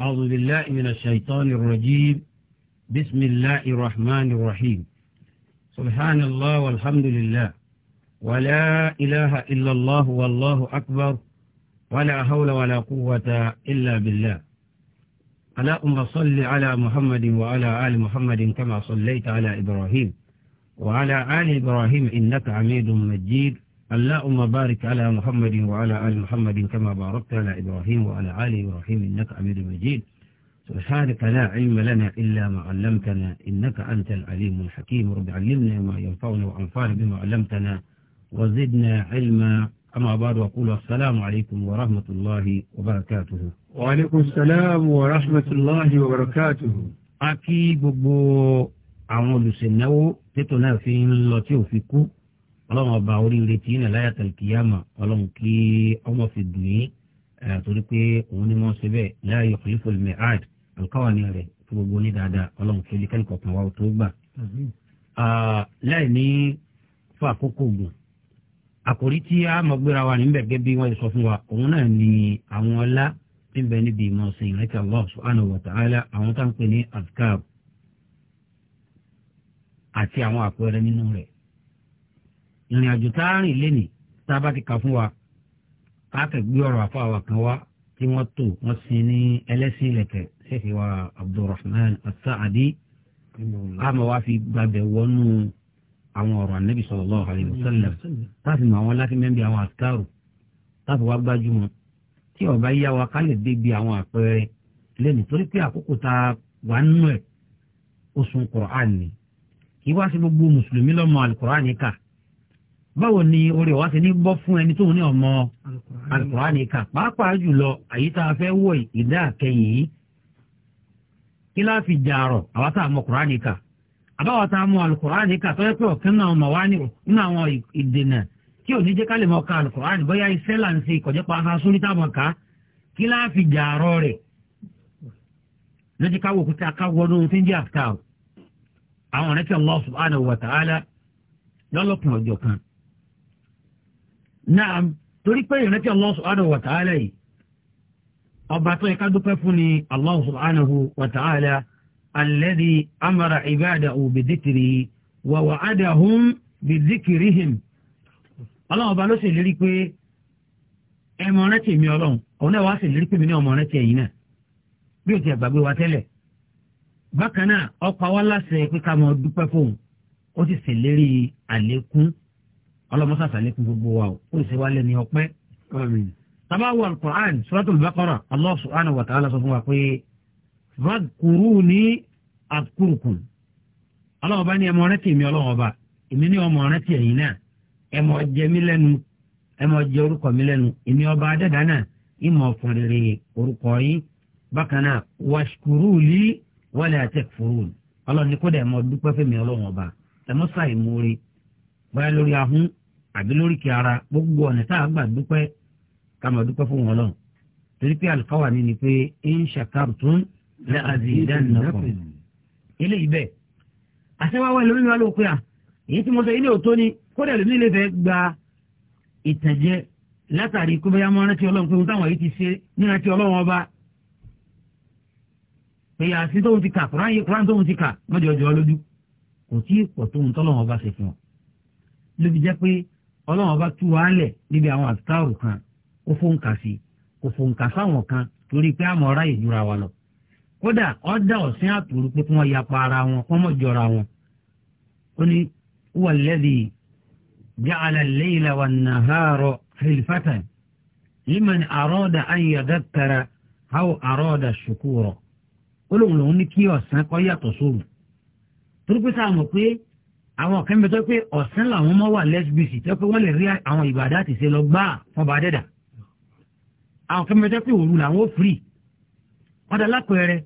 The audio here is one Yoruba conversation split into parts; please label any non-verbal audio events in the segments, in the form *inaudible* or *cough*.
أعوذ بالله من الشيطان الرجيم بسم الله الرحمن الرحيم سبحان الله والحمد لله ولا إله إلا الله والله أكبر ولا حول ولا قوة إلا بالله أم صل على محمد وعلى آل محمد كما صليت على إبراهيم وعلى آل إبراهيم إنك عميد مجيد اللهم بارك على محمد وعلى آل محمد كما باركت على إبراهيم وعلى آل إبراهيم إنك امير مجيد سبحانك لا علم لنا إلا ما علمتنا إنك أنت العليم الحكيم رب علمنا ما ينفعنا وأنفعنا بما علمتنا وزدنا علما أما بعد وأقول السلام عليكم ورحمة الله وبركاته وعليكم السلام ورحمة الله وبركاته أكيد بو عمود سنو تتنا الله توفيكو ọlọ́run ọba oríire tí yìnyín láyà tàlùkìyàmà ọlọ́run kí ọmọ fi dùn yín torí pé òun ni wọ́n ṣe bẹ́ẹ̀ láàyò kìlífòlì mẹ́hàd àlùkáwàní rẹ̀ fún gbogbo ní dáadáa ọlọ́run kí oníkẹ́ni kọ̀ọ̀kan wa tó gbà. láì ní fún àkókò gùn àkòrí tí a mọ̀ gbéra wa níbẹ̀ gẹ́gẹ́ bí wọ́n sọ fún wa òun náà ni àwọn ọlá níbẹ̀ níbi ìmọ̀ ọ̀sìn ìrìn àjò tá a rìn lénìí tá a bá ti kà fún wa káàkiri ọ̀rọ̀ àfa wa kan wá tí wọ́n tò wọ́n sin ní ẹlẹ́sìn ilẹ̀kẹ̀ ṣèṣì wa Abdulrahman As-Sa'adi àmọ́ wa fi gbàgbẹ́ wọnú àwọn ọ̀rọ̀ anabi sallallahu alayhi wa sallam táàfin mọ àwọn láti mẹ́bi àwọn àtàrò táàfin wa gbájúmọ́ tí ọba yíyá wa ká lè débi àwọn àpẹẹrẹ lẹ́nu torí pé àkókò tá a wà nínú ẹ̀ oṣù Qur'an ni kí wá sí gbogbo mùsùlùmí lọ́mọ al-Qur'an yìí kà báwo ni orí wa ti ní bọ́ fún ẹni tó ní ọmọ alukurani kà pàápàá jùlọ àyíká fẹ́ wọ ìdá àkẹyìn yìí kí láà fi jàrọ̀ àwa tá a mọ kurani kà àbáwa tá a mọ alukurani kà tọ́jú pé ọ̀kan náà ọmọ wa nínú àwọn ìdènà tí ò ní jẹ́ ká lè mọ ka alukurani bóyá iṣẹ́ là ń ṣe ìkọ̀jẹ́ pa ha sórí táwọn ká kí láà fi jàrọ̀ rẹ̀ lójú ká wò kúta ká wọnú tí ń jẹ́ Allah subhanahu wa ta'ala ọjọ́ kan náà torí pé ìrántí Allah subhanahu wa ta'ala yìí ọba tó yẹ ká dúpẹ́ fún ni Allah subhanahu wa ta'ala alladhi amara ibadahu bidhikrihi wa wa'adahum bidhikrihim ọlọ́run ọba ló sì lérí pé ẹmọ rántí mi ọlọ́run òun náà wá sì lérí pé mi ní ọmọ rántí ẹ̀yìn náà bí o ti gbàgbé wa tẹ́lẹ̀ bákan náà ọ̀pá wa láṣẹ pé ká mọ dúpẹ́ fóun ó sì ṣèlérí àlékún ọlọ́mọsá sàlékún gbogbo wa o ó sì wá lẹ́ni ọpẹ́. tábà wọ alukur'an suratul baqara allah subhanahu wa ta'ala sọ fún wa pé fadkuruni adkurkum ọlọ́wọ́ bá ní ẹmọ rẹ tèmi ọlọ́wọ́ bá èmi ní ọmọ rẹ tì ẹ̀yìn náà ẹmọ jẹ mí lẹ́nu ẹmọ jẹ orúkọ mi lẹ́nu èmi ọba adẹ́dá náà ìmọ̀ ọ̀fun orúkọ yín bákan náà wàṣkúrúùlì wọlé àtẹkùrùn ọlọ́ni kódà ẹ̀mọ dúpẹ́ fẹ́mi ọlọ́wọ́n ọba ẹ̀mọ sáì múre báyà lórí ahọ́n àbí lóríkì ara gbogbo ọ̀nà tá a gbà dúpẹ́ ká máa dúpẹ́ fún wọn lọ́n torí pé àlùfáà ní ni pé in shakartum la azidannakum eléyìí bẹ́ẹ̀ àṣewáwá ẹlòmíì wà lóko yà èyí tí mo sọ ilé òótọ́ ni kódà ẹlòmíì lè fẹ́ gba ìtànjẹ látàrí kó bẹ́yà máa rántí ọlọ́run pé ohun táwọn yìí ti ṣe nínú àti ọlọ́run ọba pé yàtí tóun ti kà kúrán tóun ti kà mọ́jọ́jọ́ lójú kò tí ì pọ̀ tóun tọ́lọ́run ọba ṣe fún ọ lóbi jẹ́ pé ọlọ́run ọba tú wàálẹ̀ níbi àwọn àtàrù kan ó fóǹkà sí kò fóǹkà sáwọn kan torí pé àmọ́ ọ̀rá ìjura wa lọ. kódà ọ̀dà ọ̀sìn àtòrú pé kí wọ́n yapa ara wọn kọ́ mọ̀ jọra wọn. ó ní wàlẹ́dì ja'ala al-layla wan-nahara khilfatan liman arada an yadhakkara aw arada shukura. ó lóun lòun ní kí ọ̀sán kọ́ yàtọ̀ sóru. torí pé sáà mọ̀ pé àwọn kan bẹ tó pé ọ̀sán làwọn mọ́ wà lẹ́sbíìsì tó pé wọ́n lè rí àwọn ìbàdà àti ìṣe lọ gbá wọn bá dẹ́dà àwọn kan bẹ tó pé òru làwọn ó firi wọn dá lápẹẹrẹ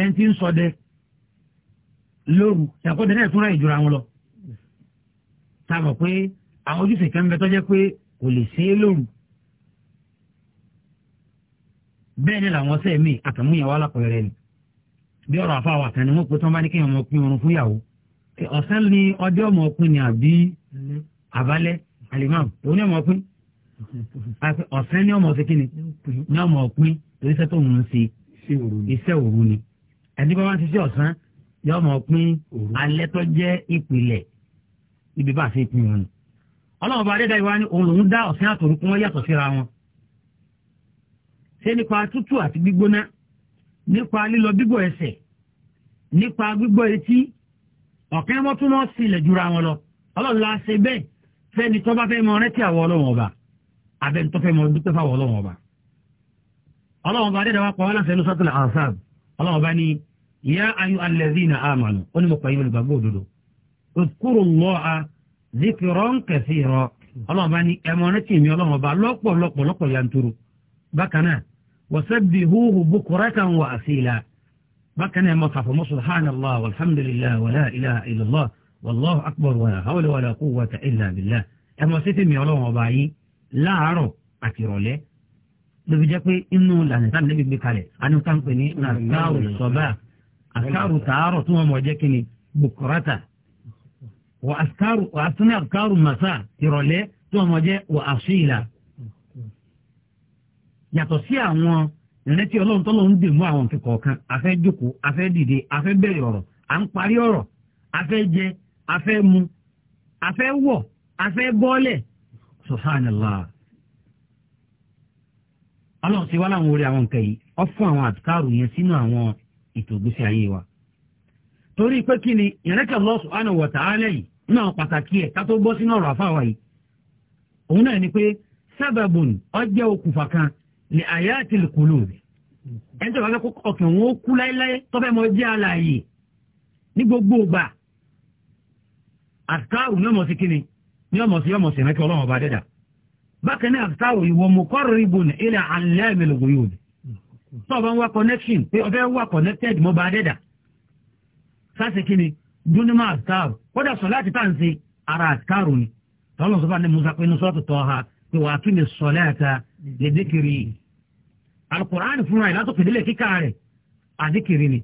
ẹni tí ń ṣọdẹ lóru ṣàkóso náà túnra ìjọra wọn lọ tá a mọ̀ pé àwọn ojúṣe kan bẹ tó jẹ́ pé kò lè ṣe é lóru bẹ́ẹ̀ ni làwọn sẹ́ẹ̀mì àtàmúyẹ̀wò alápẹ̀rẹ̀ ni bí ọ̀rọ̀ àfa àwọn àtàní wọn pé tí wọ́n bá ní kéèyàn mọ ọ̀sán ni ọjọ́ ọmọ ni àbí àbálẹ́ alimam òun ni ọmọ ọpin ọ̀sán ni ọmọ ọsẹ kí ni ni ọmọ ọpin torí iṣẹ́ tó ń ṣe iṣẹ́ òru ni ẹni bá wá ń ṣiṣẹ́ ọ̀sán ni ọmọ ọpin alẹ́ tó jẹ́ ìpìlẹ̀ ibi bá a ṣe pin òun. ọlọ́run bá adédáyé wá ní òun lòún dá ọ̀sán àtòrú kún wọ́n yàtọ̀ síra wọn. ṣé nípa tútù àti gbígbóná nípa lílọ bíbọ̀ ẹsẹ̀ nípa gbígbọ́ etí ọ̀kẹ́ wọn tún mọ́ sílẹ̀ jura wọn lọ ọlọ́run la ṣe bẹ́ẹ̀ fẹ́ni tó bá fẹ́ mọ rẹ́tí àwọn ọlọ́run ọba abẹ́ni tó fẹ́ mọ dúpẹ́ fáwọn ọlọ́run ọba ọlọ́run ọba adẹ́dàá wa wọn láṣẹ lọ́sọ́tò àṣàb ọlọ́run ọba ní yá ayú alladhina amanu ó ní mo pa yín olùgbàgbọ́ òdodo udkurullaha zikran kathira ọlọ́run ọba ní ọba lọ́pọ̀lọpọ̀ lọ́pọ̀ bákan náà mọ́ta fún subhanallah walhamdulillah wala ilaha illallah wallahu akbar wala hawla wala quwwata illa billah ẹ mọ̀ sétí mi ọlọ́run ọba yín láàárọ̀ àti ìrọ̀lẹ́ lóbi jẹ́ pé inú lànà tá níbi gbé kalẹ̀ àni tá ń pè ní àkàrò sọ́bà àkàrò tààrọ̀ tí wọ́n mọ̀ jẹ́ kí ni bukurata wà àtúnẹ̀ àkàrò màsà ìrọ̀lẹ́ tí wọ́n mọ̀ jẹ́ wà àṣìlá yàtọ̀ sí àwọn ìrántí ọlọ́run tọ́lọ́ ń dèmú àwọn nǹkan kọ̀ọ̀kan afẹ́ jókòó afẹ́ dìde afẹ́ bẹ̀rẹ̀ ọ̀rọ̀ à ń parí ọ̀rọ̀ afẹ́ jẹ afẹ́ mu afẹ́ wọ̀ afẹ́ bọ́ọ̀lẹ̀ subhanallah ọlọ́run ti wá láwọn orí àwọn nǹkan yìí ọ fún àwọn àtúkárù yẹn sínú àwọn ètò ìgbésí ayé wa torí pé kí ni ìrántí Allah subhanahu wa ta'ala yìí náà pàtàkì ẹ̀ ká tó bọ́ sínú ọ̀rọ̀ àfáwà yìí òun náà ni pé sábàbùn ọjẹ́ okùnfà kan Ni àyà àti lùkùlù ẹni tó bá fẹ́ kó ọkàn wọn ó kú láéláé tó fẹ́ mọ jẹ́ àlàyé ní gbogbo ìgbà àtàrù ní ọmọ sí kíni ní ọmọ sí ọmọ sí rẹ́kẹ́ ọlọ́run ọba dẹ́dà bákan náà àtàrù ìwọ mo kọ́ rìbùn ilẹ̀ alẹ́ ìmẹ̀lẹ̀gùn yóò dé tó ọba ń wá connection pé ọbẹ̀ ń wá connected mọ́ ọba dẹ́dà sáṣẹ kíni dúnímọ̀ àtàrù kódà sọ láti tà ń ṣe ara àtàrù ni tọ́lọ́ sọ́fà ní musa pé ní sọ́ọ̀tù tọ́ ha pé wàá tún lè sọ alukur'an fúnra ẹ̀ látòkè délẹ̀ kíkà rẹ̀ àdìkìrì ni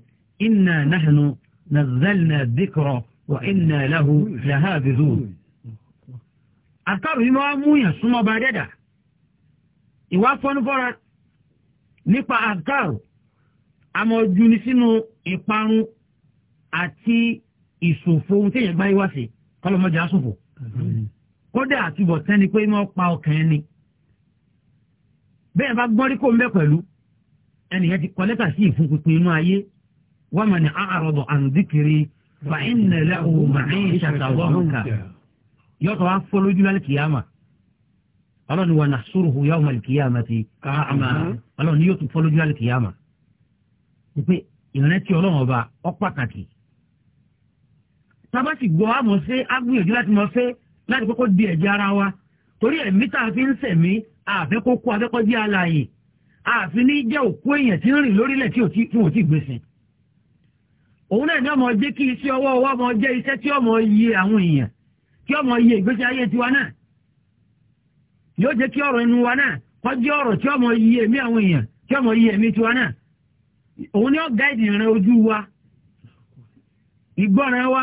inna nahnu nazzalna dhikra wa inna lahu lahafizun. àkàrò yìí máa mú yàn súnmọ́ bá dẹ́dà ìwà fọ́nufọ́ra nípa àkàrò àmọ́jú ni sínú ìparun àti ìṣòfò ohun téèyàn gbáyé wá sí kọ́lọ́mọdé àṣòfò kódà àtúbọ̀ tẹ́ni pé máa pa ọkàn ẹni bẹ́ẹ̀ bá gbọ́n rí kó ń bẹ́ pẹ̀lú ẹnìyẹn ti kọ́lẹ́tà sí ìfúnpinpin inú ayé wọ́n mọ̀ ní àròdọ̀ àǹdíkiri fàìnàlẹ́ òmà ní ìṣàtàwọ́nkà yọ̀tọ̀ wá fọ́ lójú lálẹ́ kìyàmà ọlọ́ni wà nà sóruhu yàwó màlì kìyàmà ti káàmà ọlọ́ni yóò tún fọ́ lójú lálẹ́ kìyàmà pé ìrántí ọlọ́run ọba ọ pàtàkì tábà sì gbọ́ àmọ́ sí agbóyèjú láti mọ̀ fẹ́ láti kọ́kọ́ di ẹ̀jẹ̀ ara wa torí ẹ̀mí tá a fi ń sẹ̀mí àfẹ́kọ́ kú afẹ́kọ́ jẹ́ alààyè àfi ní jẹ́ òkú èèyàn tí ń rìn lórílẹ̀ tí ò ti gbèsè òun náà ní ọmọ jẹ́ kí iṣẹ́ ọwọ́ ọwọ́ ọmọ jẹ́ iṣẹ́ tí ọmọ yẹ àwọn èèyàn kí ọmọ yẹ ìgbésí ayé tiwa náà yóò jẹ́ kí ọ̀rọ̀ inú wa náà jẹ́ ọ̀rọ̀ tí ọmọ yẹ àwọn èèyàn ọmọ yẹ tiwa náà òun ni ó gáìdì rẹ ojú wa wa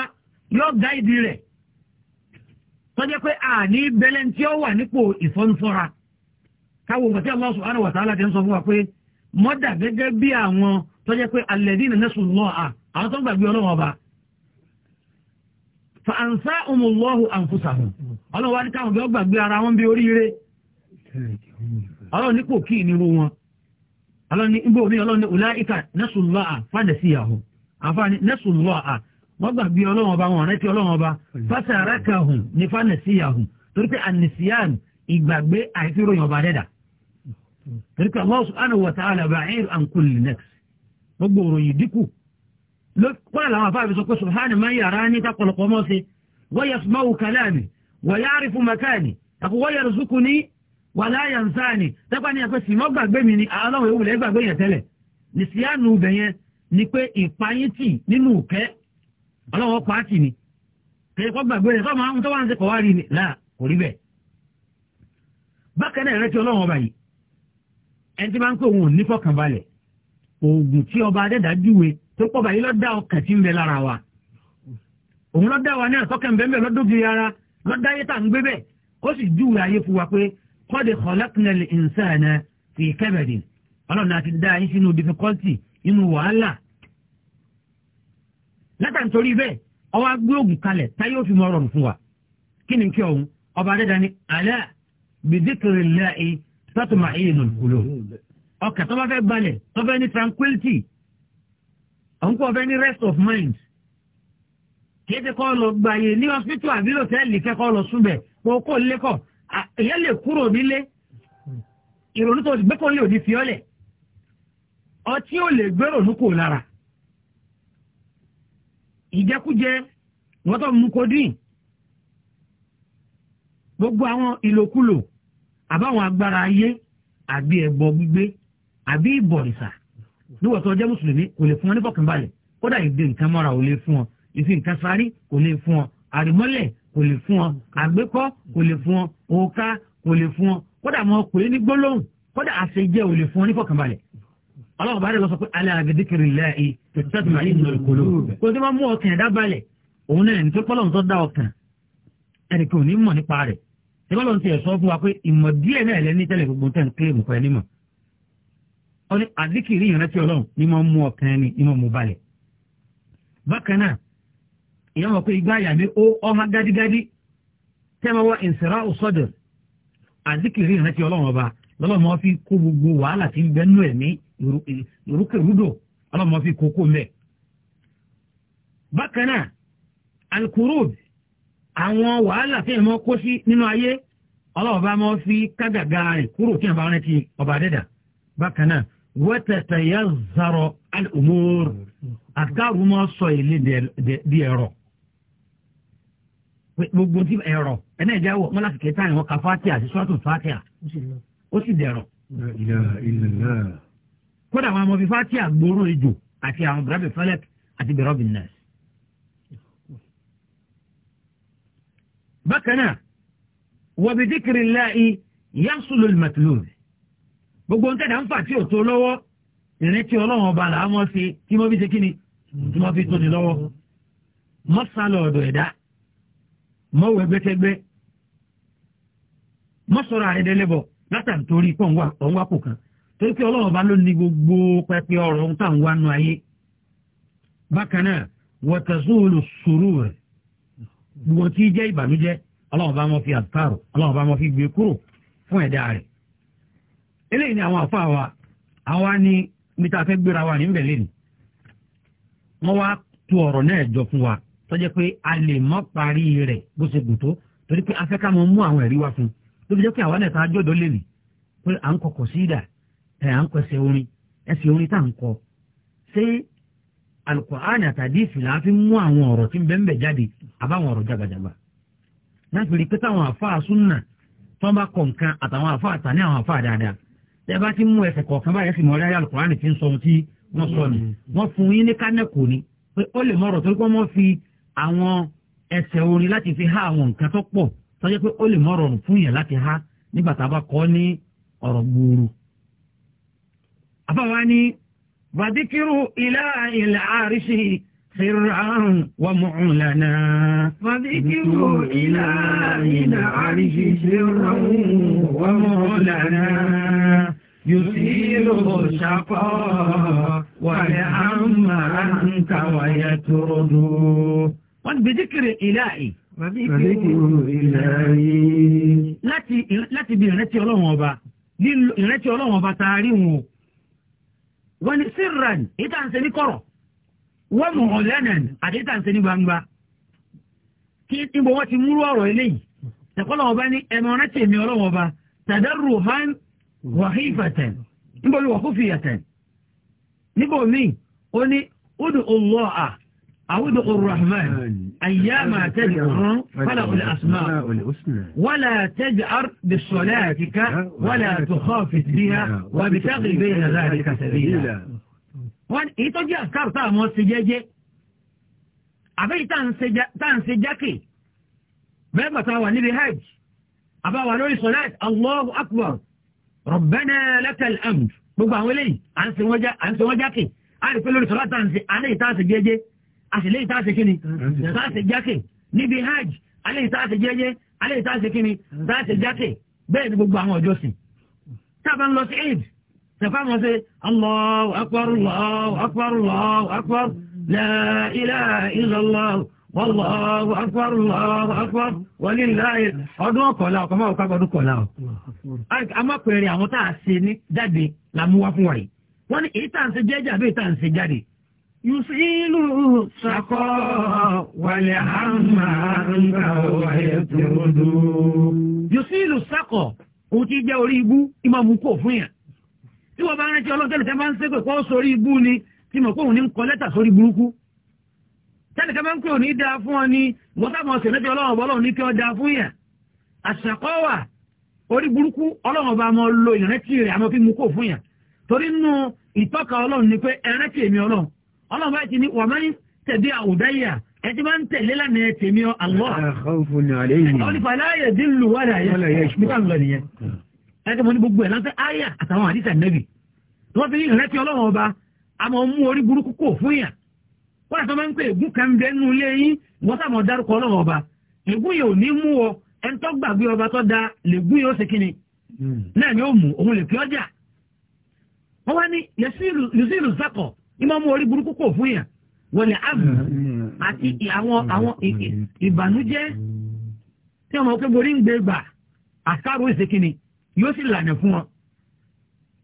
yóò gáìdì rẹ̀ tọ́jẹ́ pé àní tí ó wà nípò káwọn ògbà tí Allah subhanahu wa ta'ala ti ń sọ fún wa pé mọ́dà gẹ́gẹ́ bí àwọn tó jẹ́ pé alladhina nasu Allah àwọn tó ń gbàgbé ọlọ́run ọba fa a anfusahum ọlọ́run wá ní káwọn bí ara wọn bí oríire ọlọ́run ní kò kí ìnirú wọn ọlọ́run ní ibò mi ọlọ́run ní ulaika torí pé Allah subhanahu wa ta'ala ba'ir an kulli nafs gbogbo òròyìn dínkù kọ́lá làwọn afáàfi sọ pé subhanahu man yarani takọ̀lọ̀kọ̀ mọ́ sí wa yasma'u kalami wa ya'rifu makani àkó wa yarzuquni wa la yansani tẹ́pá ní ẹ̀fẹ́ sìmọ́ gbàgbé mi ni aláwọ̀ ewu lẹ́ gbàgbé yẹn tẹ́lẹ̀ nìsíyánu ibẹ̀ yẹn ni pé ìpáyìntì nínú ìkẹ́ ọlọ́wọ́ pàátì ni kẹ́kọ́ ẹni tí máa ń pè òun ò ní fọkànbalẹ̀ oògùn tí ọba adẹ́dá júwe tó pọ̀ báyìí lọ́dá ọkàn tí ń bẹ lára wa òun lọ́dá wa ní àtọ́kẹ́ ń bẹ mẹ́ lọ́dọ́giri ara lọ́dá ayé tà ń gbé bẹ́ẹ̀ ó sì júwe ayé fún wa pé qad khalaqna al-insana fi kabadin ọlọ́run àti dá yín sínú difficulty inú wàhálà látàntorí bẹ́ẹ̀ ọwọ́ agbé ògùn kalẹ̀ táyé òfin mọ́ rọrùn fún wa kí ni kí ọ̀hún ọba adẹ́dá ni alẹ́ bi dhikrillahi tọ́tù máa yé nùn kúlò ọkà tó bá fẹ́ balẹ̀ tó fẹ́ ní tranquility òun kò fẹ́ ní rest of mind kìí ṣe kọ́ lọ gbàyè ní hospital àbí lọ́tẹ́ẹ̀lì kẹ́kọ́ lọ súnbẹ̀ kó kó lẹ́kọ̀ èyàn lè kúrò nílé ìrònú tó gbé kó lè òní fiọ́lẹ̀ ọtí ò lè gbèrò ní kò lára ìjẹkújẹ wọ́n tó mú kó dín gbogbo àwọn ìlòkulò àbáwọn agbára ayé àbí ẹ̀bọ gbígbé àbí ìbọ̀rìṣà níwọ̀n tó jẹ́ mùsùlùmí kò lè fún ọ ní fọkànbalẹ̀ kódà ìdè nǹkan mọ́ra ò lè fún ọ ìfi nǹkan sáré kò lè fún ọ àrìmọ́lẹ̀ kò lè fún ọ àgbékọ́ kò lè fún ọ òòka kò lè fún ọ kódà mo pè é ní gbólóhùn kódà àṣejẹ ò lè fún ọ ní fọkànbalẹ̀ ọlọ́run bá rẹ̀ lọ sọ pé alẹ́ àgẹ́dẹ́kẹrì láàyè tẹ̀síṣẹ́tì ṣé bọ́lá ń tiẹ̀ sọ fún wa pé ìmọ̀ díẹ̀ náà lẹ́ni tẹ́lẹ̀ gbogbo tẹ̀ ń kílè mú pẹ́ nímọ̀ ó ní àdíkìrí ìrántí ọlọ́run ní mọ̀ mú ọkàn ẹni ní mọ̀ mú balẹ̀ bákan náà ìyá wọn pé igbá àyà mi ó ọmọ gádígádí tẹ́wọ́ wá ìṣẹ̀rá òṣọ́dọ̀ àdíkìrí ìrántí ọlọ́run ọba lọ́lọ́mọ fi kó gbogbo wàhálà tí ń bẹ nú ẹ̀mí ìrúkèrúdò ọlọ́mọ fi kókó mẹ́. bákan náà alukurud àwọn wàhálà tí ẹ̀mọ́ kó sí nínú ayé ọlọ́run bá mọ́ fi kágàgà rẹ̀ kúrò kí ẹ̀mọ́ rántí ọba dẹ́dà bákan náà wẹ́tẹ̀tẹ̀ yẹ zọrọ̀ alùmọ́ọ̀rù àtàrù mọ́ sọ èlé di ẹ̀rọ gbogbo tí ẹ̀rọ ẹ̀nà ìjà wọ̀ mọ́ láti kẹta ìwọ̀n ka fatia sí sọ́tún fatia ó sì dẹ̀rọ. kódà àwọn ọmọ bíi fatia gbóró ejò àti àwọn bẹ̀rẹ̀ bíi fẹ́lẹ́t àti bẹ̀rẹ̀ bíi nẹ́ẹ̀s bákan náà wọ̀bí díkìrì láì yásùlù gbogbo ń tẹ̀dá ń fà tí ò tó lọ́wọ́ ìrètí ọlọ́run ọba làá sí kí ṣe kí ni tí mo fi tó ni lọ́wọ́ mọ́sálọ̀ ọ̀dọ̀ ẹ̀dá mọ́wẹ́ gbẹ́tẹ́gbẹ́ mọ́sọ̀rọ̀ àrẹ́dẹ́lẹ́bọ̀ látàn torí pọ̀ kò kan gbogbo tí jẹ́ ìbànújẹ́ ọlọ́run bá wọn fi àtàrò ọlọ́run bá wọn fi gbé kúrò fún ẹ̀dá rẹ̀ eléyìí ni àwọn àfa wa àwa ni mita fẹ́ gbéra wa ní wọ́n wá tu ọ̀rọ̀ náà jọ fún wa tó jẹ́ pé a lè mọ́ parí rẹ̀ bó ṣe gùn tó torí pé afẹ́ ká mọ mú àwọn ẹ̀rí wa fún tó fi jẹ́ pé àwa náà a jọ́dọ̀ lè pé à ń kọkọ̀ sí ìdà ẹ̀ à ń kọ ẹsẹ̀ orin ẹsẹ̀ àbáwọn ọ̀rọ̀ jàgbàjàgbà láti rí pé táwọn àfáà súnà tó bá kọ̀ nǹkan àtàwọn àfáà tà ní àwọn àfáà dáadáa tẹ́ bá ti mú ẹsẹ̀ kọ̀ọ̀kan báyẹn sì mọ̀ ọ́ láyà Al-Kùránì ti ń sọ ohun tí wọ́n sọ ni mm-hmm. wọ́n fún yín ní kánẹ́kù ni pé ó lè mọ̀rọ̀ torí pé wọ́n fi àwọn ẹsẹ̀ orin láti fi há àwọn nǹkan tó pọ̀ tó jẹ́ pé ó lè mọ̀rọ̀ fún yẹn láti há nígbà tá a bá kọ́ ní ọ̀rọ̀ gbòòrò. àfáà ni bàdíkírù ilá ilẹ̀ àríṣe فرعون ومعلنا وذكر إلهنا عرش فرعون ومعلنا يثير شقاء ولعم أنت ويترد وبذكر إلهي láti bí ìrántí ọlọ́run ọba ìrántí ọlọ́run ọba taari wọn wọ́n ni síràn ìtànsẹ̀ ní kọ̀rọ̀ wọ́n mọ̀ ọ́ lẹ́nàn àdéhùn ṣe ní gbangba kí níbo wọ́n ti múrú ọ̀rọ̀ eléyìí ẹ̀kọ́ lọ́wọ́ bá ní ẹnu ọ̀rẹ́ tì mí ọlọ́wọ́ bá tàdárù han wàhífàtẹ̀ níbo ni wàhúfìyàtẹ̀ níbo ẹmọ ore ti mi olowo ó ní owó à àwùdù Ar-Rahman ayyama tad'u falahu olè asmau wala bi sọlẹ́ àtìká wala tukhafit biha wabtaghi bayna dhalika sabila. wọ́n èyí tó jẹ́ àkàrò tá àwọn ṣe jẹ́jẹ́ àbẹ́yìí tá à ń ṣe jákè bẹ́ẹ̀ bàtà wà níbi hajj àbáwà lórí sọ̀láàt allahu akbar rabbana lakal amd gbogbo àwọn eléyìí à ń ṣe wọ́n jákè a lè pé lórí sọ̀láàt tá à ń ṣe àléyìí tá à ń ṣe jẹ́jẹ́ àṣìléyìí tá à ń kíni tá à ń jákè níbi hajj àléyìí tá à ń ṣe jẹ́jẹ́ àléyìí tá à ń kíni tá à ń jákè bẹ́ẹ̀ ni gbogbo àwọn ọjọ́ sìn tá a bá ń lọ sí eid tẹ̀fáwọn ṣe Allahu akbar Allahu akbar Allahu akbar la ilaha illallah wallahu akbar Allahu akbar walillahi ọdún ọkọ̀lá ọkọ̀ máa kọ́ ọdún kọ̀lá ọ̀. a máa pèrè àwọn tá a ṣe ní jáde làmúwá fún wọ̀nyí wọ́n ní èyí tá à ṣe jẹ́jà àbí èyí tá à ṣe jáde. yusilu sakọ wàlẹ̀ àmà ńlá wàlẹ̀ tó dùn. yusilu sakọ òun ti jẹ́ orí ibú ìmọ̀ mú kó fún yàn tí wọ́n bá rántí ọlọ́tẹ́lẹ̀fẹ́ máa ń ṣépè kọ́ sórí ibú ni tí mọ̀ pé òun ní ń kọ lẹ́tà sórí burúkú tẹ́lẹ̀kẹ́ máa ń pè òní dáa fún ọ ni mọ́tàmọ́ ọ̀sẹ̀ lẹ́tọ̀ ọlọ́run ọlọ́run ní kí ọ dáa fún yẹn àṣàkọ́wà orí burúkú ọlọ́run ọba máa lo ìrántí rẹ̀ àmọ́ fi mú kó fún yẹn torí nínú ìtọ́ka ọlọ́run ni pé ẹrántí èmi ọlọ́run ọlọ́run bá ti ní wà máa ń tẹ̀dé àwùdáyà ẹ ẹ̀ka mo ní gbogbo ẹ̀ lásán àyà àtàwọn àdìsá nẹ́bì tí wọ́n fi ní ìrántí ọlọ́run ọba a máa mú orí burúkú kò fún yàn wọ́n àti wọ́n máa ń pè ègún kan bẹ́ẹ̀ nínú ilé yín wọ́n sàmọ̀ dárúkọ ọlọ́run ọba ègún yìí ò ní mú ọ ẹni tó gbàgbé ọba tó da lègún yìí ó ṣe kíni hmm. náà ni ó mú òun lè fi ọjà wọ́n wá ní yusiru zakọ ní máa mú orí burúkú kò fún yàn wọlé abu àti àwọn àwọn ìbànújẹ́ tí wọ́n máa ń pẹ́ borí ń gbé gbà àṣàrò ìṣèkíni yóò sì lànà fún wọn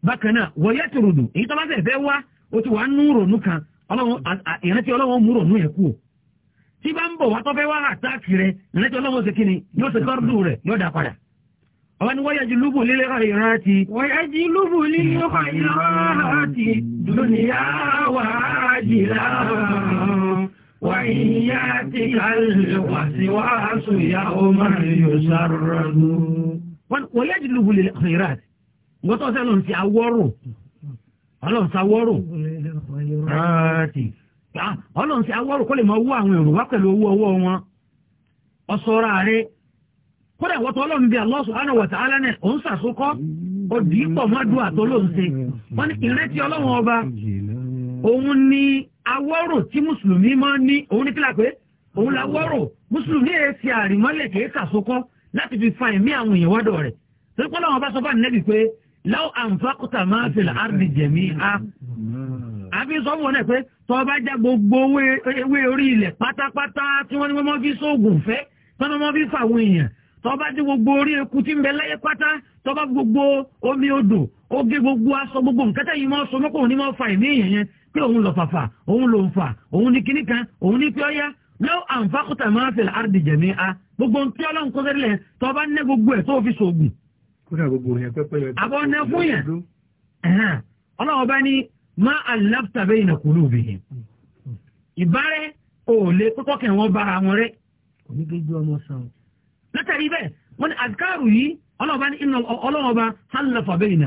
bákan náà wọ́yẹ́ tó rodò èyí tó bá fẹ́ fẹ́ wá o ti wà ń nú kan ìrántí ọlọ́wọ́ mú rònú yẹn kú o tí bá ń bọ̀ wá tó fẹ́ wá àtàkì rẹ ìrántí ọlọ́wọ́ ṣe yóò ṣe rẹ yóò dá padà ọba ni wọ́yẹ́ ju lúbù ìrántí. wọ́yẹ́ ju lúbù ìrántí wọ́n yẹ́ dìlú wulẹ̀ khairat nǹkan tó sẹ́nu ti awọ́rò ọlọ́run ti awọ́rò ah, ọlọ́run ti awọ́rò kó máa wú àwọn èrò wá pẹ̀lú owó ọwọ́ wọn ọ̀sọ́ra rẹ̀ òun ṣàṣokọ́ pọ̀ ọba òun ni awọ́rò tí mùsùlùmí máa ń ní òun ní kílà pé òun làwọ́rò mùsùlùmí kìí ṣàṣokọ́ láti fi fa ẹ̀mí àwọn èèyàn wádọ̀ rẹ̀ torí pé lọ́wọ́ bá sọ fún ànẹ́bí pé láwọ àǹfàkùtà máa fi là áàrùn jẹ̀mí hmm. a. àfi sọ fún wọn náà pé tọ́ bá já gbogbo ewé orí ilẹ̀ pátápátá tí wọ́n ní wọ́n fi sóògùn fẹ́ tọ́nà wọ́n fi fa àwọn èèyàn tọ́ bá dé gbogbo orí eku tí ń bẹ láyé pátá tọ́ bá gbogbo omi odò ó gbogbo aṣọ gbogbo nǹkan tẹ́yìn mọ́ sọ mọ́kò ní mọ́ fa ẹ̀mí èèyàn yẹn pé òun lọ fàfà òun lò ń fà òun ní kíníkan òun ní pé lẹ́wọ́ àǹfàkùtà máa fẹ̀ àrùdì jẹ̀mí a gbogbo tí ọlọ́run kọ́ sẹ́rílẹ̀ tó bá ní gbogbo ẹ̀ tó fi sògùn. kódà gbogbo yẹn pẹ́pẹ́ yẹn. àbọ̀ ọ̀nà fún yẹn ọlọ́run bá ní má aláfta bẹ́yìn náà kúlù bìyẹn. ìbárẹ́ ò lè kókó kẹ̀ wọ́n bára wọn rẹ́. onígbèjú ọmọ sàn. látàrí bẹ́ẹ̀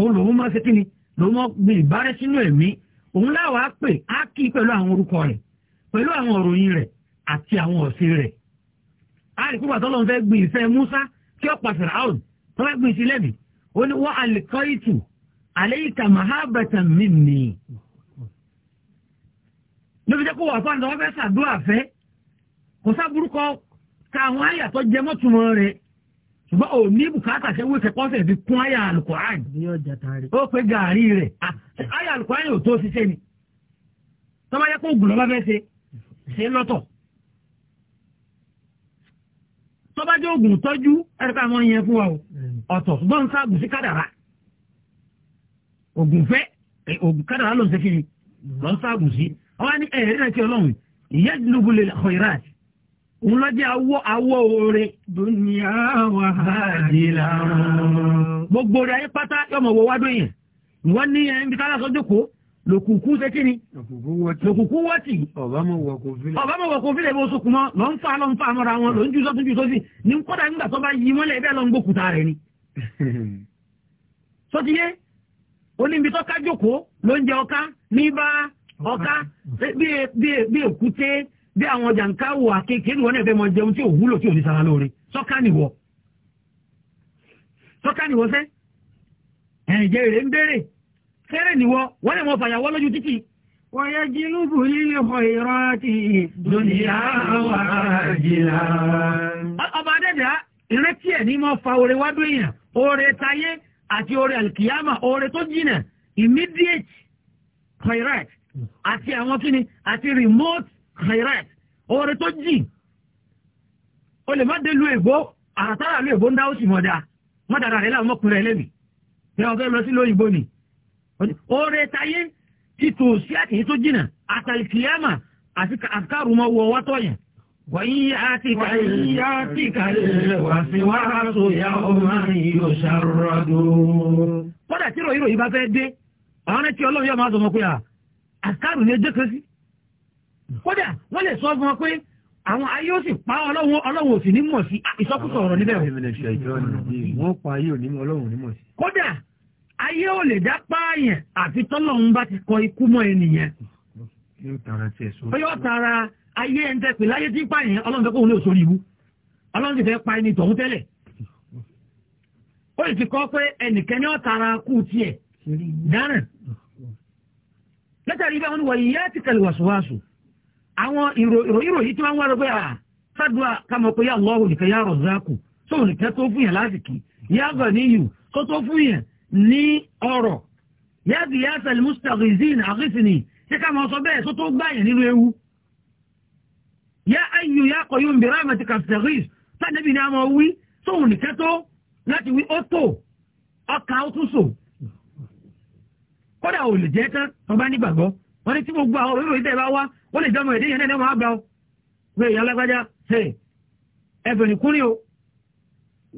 òun lòun máa ṣe kíni lòun máa gbin ìbárẹ́ ẹ̀mí òun láwàá pè á kí pẹ̀lú àwọn orúkọ rẹ̀. pẹ̀lú àwọn òròyìn rẹ̀ àti àwọn ọ̀sìn rẹ̀ àìkú a fẹ́ gbin ìfẹ́ Musa tí ó pa Firaun tó fẹ́ gbin sílẹ̀ mi ó ní wọ́n àlìkọ́ ìtù àlẹ́yìká mahabatan minni lóbi jẹ́ kó wà fún àwọn ọ̀fẹ́ sàdúrà fẹ́ kò sábúrúkọ ka àwọn àyà tó jẹ mọ́tùmọ́ rẹ̀ ṣùgbọ́n ò ní bùkátà ṣe wíṣẹ pọ́sẹ̀ fi kún àyà alukur'an ó pe gàárì rẹ̀ ah, àyà tó ṣiṣẹ́ ṣe lọ́tọ̀ tó bá jẹ́ oògùn tọ́jú ẹ̀ríkà wọn yẹn fún wa o ọ̀tọ̀ ṣùgbọ́n ṣáàgùn sí kádàrá oògùn fẹ́ oògùn kádàrá ló ń ṣe kiri lọ́n ṣáàgùn sí ọwọ́ ní ẹ̀rí rẹ̀ ti ọlọ́run ìyá ìdílógún lè kọ ìrà àti òun lọ́jẹ́ awọ awọ oore. dunya wa hadila. gbogbo rẹ̀ ayé pátá yọmọ wọ wádùn yẹn wọ́n ní ẹni bí ká lásán jókòó lòkùnkùn ṣe kí ni. lòkùnkùn wọ́tì. ọ̀bá mọ̀ wọ̀ kò fílẹ̀. ọ̀bá mọ̀ wọ̀ kò fílẹ̀ bó sunkún mọ́ lọ́n fa lọ́n fa mọ́ra wọn lọ́n jù sọ́tún jù sọ́sì ní kọ́dà nígbà tó bá yí mọ́lẹ̀ bẹ́ẹ̀ lọ́n gbókùtà rẹ̀ ni. *laughs* sọ́tí yé oníbi tó kájòkó ló ń jẹ ọká ní bá ọká bí èkúté bí àwọn jàǹkáwò àkekèé ni wọ́n náà fẹ́ mọ jẹun tí ò wúlò tí ò ní sara lóore sọ́ká nìwọ sọ́ká nìwọ sẹ́ ẹ̀jẹ̀ rẹ̀ ń béèrè fẹ́rẹ̀ níwọ́ wọ́n lè mọ fàyàwọ́ lójú títì. wọ́yẹ jínú bùlí lè kọ ìrọ́ ti dùnìyà wà jìlá. ọba adẹ́dà ìrètí ẹ̀ ní mọ́ fa oore wádùn èèyàn oore tayé àwọn kíni àti remote khairat oore tó jìn o lè má délu ègbó àtàrà lu ègbó ń dá ó sì mọ̀ rẹ̀ láwọn ọmọkùnrin ẹlẹ́mì tí wọ́n lọ sí lóyìnbó nìí oore táyé ti tòsí àti èyí tó jìnnà àtàlìkìyàmà àti àfikàrù mọ wọ àti kàlẹ́ wà sí ya ọmọ yóò ṣàròdò. kódà tí ròyìn ròyìn bá fẹ́ dé àwọn ọlọ́run yóò máa sọ wọn pé àfikàrù ni ẹjẹ́ kan sí. kódà wọ́n lè sọ fún ọ pé àwọn ayé ó sì pa ọlọ́run ọlọ́run ò sì ní mọ̀ sí ìsọkúsọ ọ̀rọ̀ níbẹ̀. wọ́n ayé ò lè dá páàyàn tọ́lọ̀ tọ́lọ́run bá ti kọ ikú mọ́ ènìyàn tara ayé ẹ̀ tẹ́ pé láyé tí páàyàn ọlọ́run fẹ́ lè sórí ibú ọlọ́run pa ẹni tọ̀hún tẹ́lẹ̀ ó sì ti kọ́ pé ẹnìkẹ́ni tara kú tiẹ̀ dáràn látàrí bẹ́ẹ̀ wọn wọ ìyá ti kẹlẹ̀ wàsùwàsù àwọn ìròyìn tí wọ́n wá à kàmọ́ pé ní ọ̀rọ̀ yáàbí yáàtàlì mustaghizin àrísìnì ṣé ká máa sọ bẹ́ẹ̀ tó tó gbààyàn nínú ewu yá ayù yá kọ̀yún bìrá àmàtí kàfìtàríz tàbí ní a máa wí tóun nìkẹ́ tó láti wí ó tó ọkà ó tún sò kódà ò lè jẹ́ tán ọba nígbàgbọ́ wọ́n ní tí mo gba ọ̀rọ̀ ìròyìn tẹ́ bá wá ó lè jọmọ ìdíyẹn náà máa gbà ó pé ìyá alágbájá ẹ̀fẹ̀ nìkúnrin o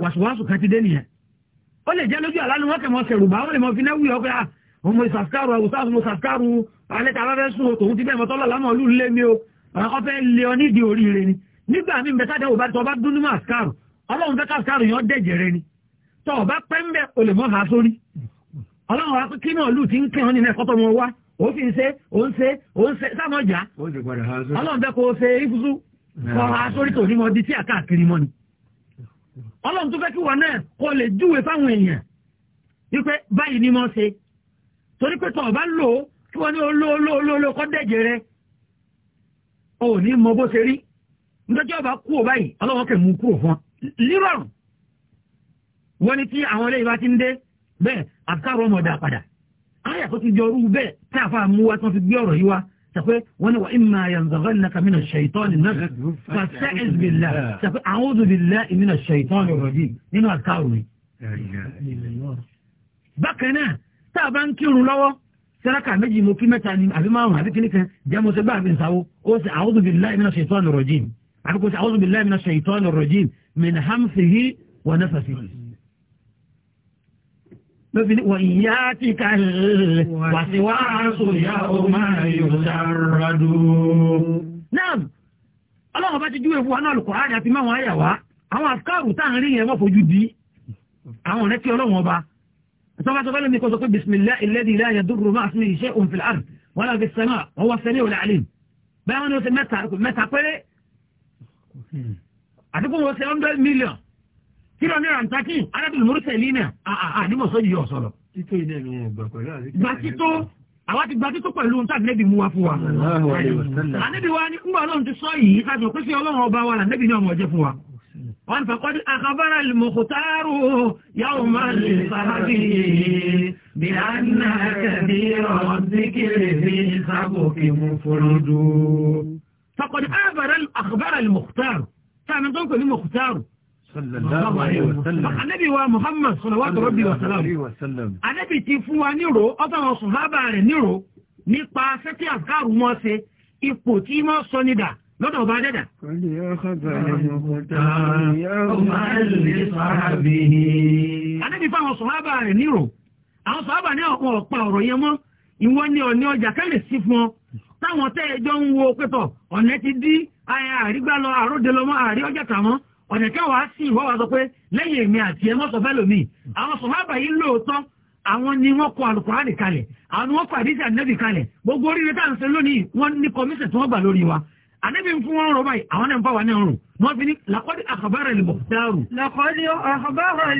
wàsùwàsù kan ti dé nìyẹn ó lè jẹ́ lójú àlálù wọ́n kẹ̀mọ́ sẹ̀rùbá wọ́n lè mọ́ fi náwó ọkọ̀ ah, àwọn ọmọ ìsàkárù àwùsá mo sàkárù alẹ́ tàbá fẹ́ sún òtòun ti bẹ́ẹ̀ mọ́ tọ́lọ̀ lámọ̀ ọlú lé mi o ọfẹ́ lé ọ nídìí oríire ni nígbà mí bẹ́ẹ̀ sáde òbá tọ́ bá dún nínú àsìkárù ọlọ́run fẹ́ káàsìkárù yẹn dẹ̀jẹ̀ rẹ ni tọ́ ọba pẹ́ ń bẹ́ o lè mọ́ ha sórí ọlọ́run wa kí náà lù ti ń kẹ́ ọ́ ẹ̀kọ́ tọmọ wa ó ṣe ó ń ṣe ó ń ṣe sámọ́jà ọlọ́run fẹ́ kó ṣe ifusu kọ́ ha sórí tòun ní mọ́ di tí àkáàkiri mọ́ ni ọlọ́run tó fẹ́ kí wọn náà kọ́ lè júwe fáwọn èèyàn wípé báyìí ni mo ṣe torí pé tọ̀ bá lò ó kí wọ́n ní olóolóolóoló kọ́ dẹ̀jẹ̀ rẹ ò ní mọ bó ṣe rí nítorí ọba kú ò báyìí ọlọ́wọ́ kẹ̀ mú kú ò fún ọ lírọ̀rùn wọ́n ní tí àwọn ilé ìbá ti ń dé bẹ́ẹ̀ àfikàrọ̀ ọmọdà padà ayà tó ti jọ rú bẹ́ẹ̀ tí àfa mú wa tí wọ́n fi gbé ọ̀rọ̀ yìí wá تقول وانا واما ينزغنك من الشيطان النزغ فاستعذ بالله تقول اعوذ بالله من الشيطان الرجيم nínú àkàrò mi bákan náà tá a bá ń kírun lọ́wọ́ sẹ́ráka méjì mo kí mẹ́ta ni àbí márùn àbí kíní kan jẹ́mu sẹ́gbà àbí nsàwó ó sì àwùdù bí láì mìíràn ṣètọ́ ọ̀nà àbí kò sí àwùdù bí láì mìíràn ṣètọ́ ọ̀nà lóbi ní wọ̀n ìyá ti kàlẹ̀ wàsíwáàsù ìyá o máa yóò sáradù. náà ọlọ́run bá ti júwe fún wa náà lùkọ́ àárín àti máwọn àyà wá àwọn àfikáàrù tá à ń rí yẹn wọ́n fojú di àwọn ọ̀rẹ́ tí ọlọ́run ọba sọ́ba tó bá lómi kọ́sọ́ pé bisimilá ìlẹ́dì ilé ayé dúró máa fún iṣẹ́ òǹfìlà àrùn wọn ni ó ṣe mẹ́ta péré àdúgbò wọn ṣe hundred million kí ló ní àǹtakì arábìnrin mọ́rùsẹ̀línà àdìmọ̀sọ́ ah, ah, ah, yìí ọ̀sọ̀rọ̀. tító ilé mi ò gbà pẹ̀lú àríkà. gbà tító àwa ti gbà tító pẹ̀lú ohun táà nẹ́bì mú wa fún wa. ànẹ́bì wa ni ńgbà ọlọ́run ti sọ yìí ká jọ pé sí ọlọ́run ọba wa lànẹ́bì ní ọmọ ọjọ́ fún wa. wọn fẹ́ kọ́dí akabara lèmọ̀kútàrú yàwó máa lè sábàbí bí a nà kẹ́bí ọ̀síkèrè bí sábò Ànábì wa Muhammad sallallahu alaihi wa sallam. Ànábì ti fún wa níro, ọ́tàwọn sùhábà rẹ̀ níro nípa sẹ́tí àkàrù mọ́ ṣe ipò tí mọ́ sọ nídà lọ́dọ̀ ọba dẹ́dà. Ànábì fáwọn sùhábà rẹ̀ níro, àwọn sùhábà ní ọ̀pọ̀ ọ̀pá ọ̀rọ̀ yẹn mọ́, ìwọ ni ọ̀ní ọjà kẹ́lẹ̀ sí fún ọ, táwọn tẹ́ ẹjọ́ ń wo pẹ́tọ̀, ọ̀nẹ́ ti dí àrígbá lọ àróde lọ mọ́ àrí ọjà tà mọ́ ọ̀nà káwàá sí ìwọ́ wa sọ pé lẹ́yìn èmi àti ẹ̀ mọ́sọ̀ fẹ́ lómi àwọn sọ̀hábà yìí lóòótọ́ àwọn ni wọ́n kọ àlùkùránì kalẹ̀ àwọn wọ́n kọ àdìsí ànẹ́bì kalẹ̀ gbogbo oríire tá à ń ṣe lónìí wọ́n ní kọmíṣẹ̀ tí wọ́n gbà lórí wa ànẹ́bì ń fún wọn rọ báyìí àwọn náà ń náà rùn wọ́n fi ní làkọ́dí àkàbárẹ̀ lè mọ̀kútàrù. làkọ́dí àkàbárẹ̀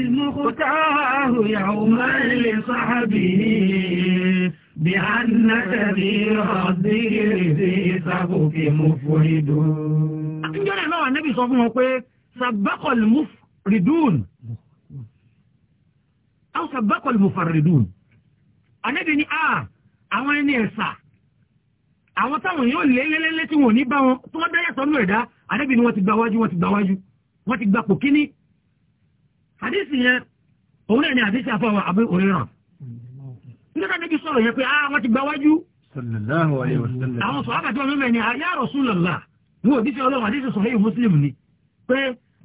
náà náà ànẹ́bì sọ fún wọn pé سبق المفردون أو سبق المفردون Ànábì ní a àwọn ẹni ẹ̀sà àwọn táwọn yóò lélẹ́lẹ́lẹ́ tí wọ́n ní bá wọn tí wọ́n dáyàtọ̀ nù ẹ̀dá Ànábì ní wọ́n ti gba wájú wọ́n ti gba wájú wọ́n ti gba pòkíní àdísì yẹn òun náà ni àdísì àfọwọ́ àbí òríran nígbà níbi sọ̀rọ̀ yẹn pé a wọ́n ti gba wájú àwọn sọ̀rọ̀ àbàtì wọn mímẹ́ ni ya Rasulullah ní òdísì ọlọ́run àdísì sọ̀rọ̀ yìí Muslim ni pé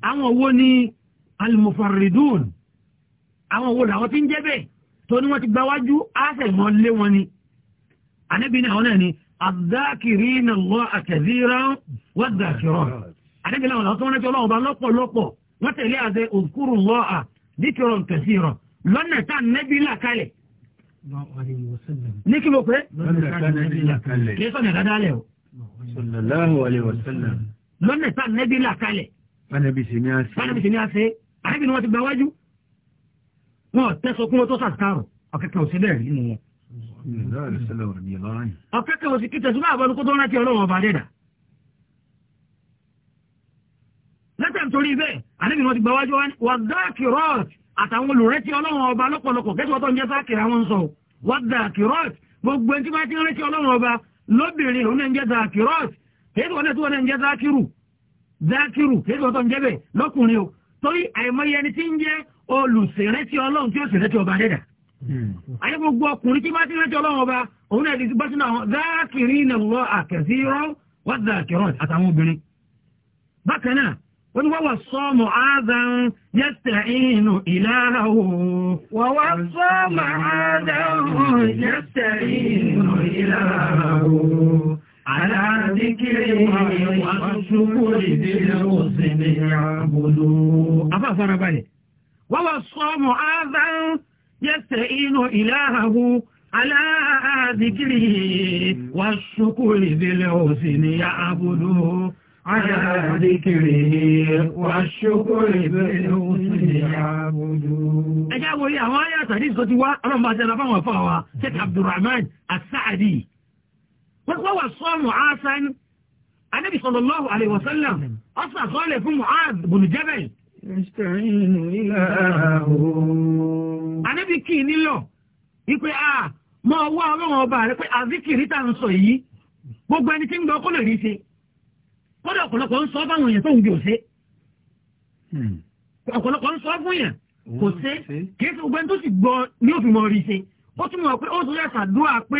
àwọn wo ni alimufaridun àwọn wo làwọn ti ń jẹ́ bẹ́ẹ̀ tó ní wọ́n ti gbáwájú áṣẹ̀mọ́ lé wọn ni ànábì ní àwọn náà ni adh-dhakirina Allaha kathiran wadh-dhakirat ànábì náà làwọn tó rántí ọlọ́run bá lọ́pọ̀lọpọ̀ wọ́n tẹ̀lé àṣẹ udhkurullaha dhikran kathiran lọ́nà tá nẹ́bí là kalẹ̀ ní kí ló pé nẹ́bí là kalẹ̀ bánàbí sì ní àṣẹ bánàbí sì ní àṣẹ àyẹ̀bí ni wọ́n ti gba wájú wọn tẹ́sọ kún wọn tó sàkárò ọ̀kẹ́kẹ́ ò sí bẹ́ẹ̀ nínú wọn. ọ̀kẹ́kẹ́ ò sì kí tẹ̀sùn náà bọ́lú kó tó rántí ọlọ́wọ́ ọba dẹ́dà. lẹ́tẹ̀ nítorí bẹ́ẹ̀ àyẹ̀bí ni wọ́n ti gba wájú wọn dákìrọ́ọ̀t àtàwọn olùrẹ́tí ọlọ́wọ́ ọba lọ́pọ̀lọpọ̀ kẹ́sì wọ́n tó ń jẹ́ sákìrì àwọn sọ wọ́n dákìrọ́ọ̀t gbogbo ẹni tí wọ́n ti rántí ọlọ́wọ́ ọba dákìrù kéde ọ̀tọ̀ ń jẹ́ bẹ́ẹ̀ lọ́kùnrin o torí àìmọye ẹni tí ń jẹ́ olùsèrètí ọlọ́run tí ó sèrètí ọba dẹ́dà. Hmm. ayé gbogbo ọkùnrin tí bá ti rẹ́tí ọlọ́run ọba òun náà ti bá sínú àwọn dákìrì iná lọ àkẹ́sí rọ wá dákìrọ̀ àtàwọn obìnrin. bákan náà ó ní wọ́wọ́ sọ́ọ̀mù ádán yẹ́sẹ̀ inú ìlàrá o. wọ́wọ́ sọ́ọ̀mù ádán yẹ́sẹ̀ inú ìlàrá o. على ذكره والشكر بالحسن يعبدوا أبا فربني ووصى معاذا يستعين إلهه على ذكره والشكر بالحسن يعبدوا على ذكره والشكر بالحسن يعبدوا أجابوا يا هوايا تحديث قد وقال ما جنبا وفاوا شيخ عبد الرحمن السعدي pípọ́ wà sọ́ọ̀mù ásán anábì sallallahu alaihi wasallam ọ̀sà sọ́ọ̀lẹ̀ fún Mu'adh bin Jabal. anábì kì í nílọ wípé a mọ ọwọ́ ọlọ́run ọba rẹ pé azikiri tá à ń sọ yìí gbogbo ẹni tí ń gbọ́ kó lè rí ọ̀pọ̀lọpọ̀ ń sọ fáwọn èèyàn tóun bí ò ṣe ọ̀pọ̀lọpọ̀ ń sọ fún yàn hmm. kò ṣe kì í ṣe gbogbo ẹni tó sì gbọ́ ní òfin mọ̀ rí ó túmọ̀ pé ó tún yẹ ṣàdúrà pé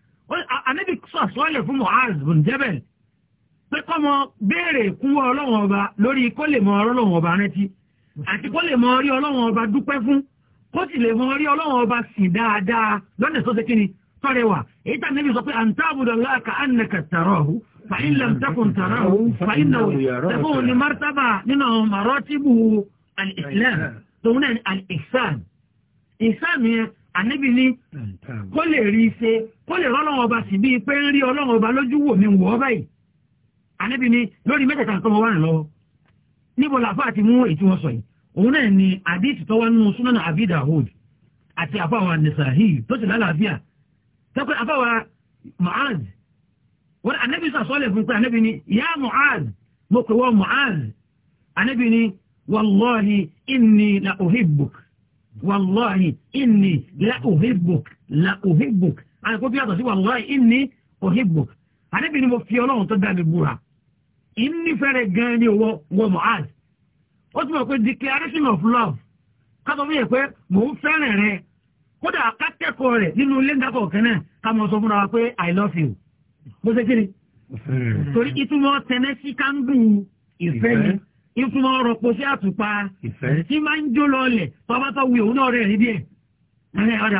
anabi sọ̀sọ́lẹ̀ fún Mu'az bin Jabal pé kọ́ mọ béèrè kúnwọ́ ọlọ́wọ́n ọba lórí kó lè mọ ọlọ́wọ́n ọba rántí àti kó lè mọ rí ọlọ́wọ́n ọba dúpẹ́ fún kó sì lè mọ rí ọlọ́wọ́n ọba sìn dáadáa lọ́nà tó ṣe kíni tọ́rẹwà èyí tá níbi sọ pé an ta'budallaha ka'annaka tarahu fa in lam takun tarahu fa innahu tẹ̀fún ní martaba nínú maratibu al-Islam tòun náà al ànábì ni kó lè rí i ṣe kó lè rọ́lọ́wọ́ ọba sí bíi pé ń rí ọba lójú wò mí wọ́ báyìí ànábì ni lórí mẹ́tẹ̀ẹ̀ta nǹkan wà lọ́wọ́ níbo làfà àti mú èyí tí wọ́n sọ yìí òun náà ni àdìsí tọ́wọ́ nínú súnánà àbí dàhùd àti àfàwà ti lálàáfíà Mu'az wọ́n fún pé ni Mu'az mo pè wọ́n Mu'az ni inni la wàláhì ìní lẹ́ọ̀hìbùk lẹ́ọ̀hìbùk àyẹ̀kọ́ tó yàtọ̀ sí wàláhì ìní ọ̀hìbùk àníbi ni mo fi ọlọ́run tó dábì búra ìnífẹ̀rẹ̀ gan ni wọ wọ mohad ó ti mọ̀ pé declaration of love kátó fi yẹ pé mò ń fẹ́ràn rẹ kódà akẹ́kọ̀ọ́ rẹ̀ nínú ilé ńdàkọ̀ kẹ́nẹ̀ mọ̀ sọ fúnra i love you mo ṣe kiri *laughs* torí ìtumọ̀ tẹ̀lẹ́sì kándùn ìfẹ́ ìtumọ̀ ọ̀rọ̀ pọ̀ sí àtùpà tí máa ń jó lọlẹ̀ tọ́ba tó wí òun náà rẹ̀ rí díẹ̀ ẹ ọ̀dà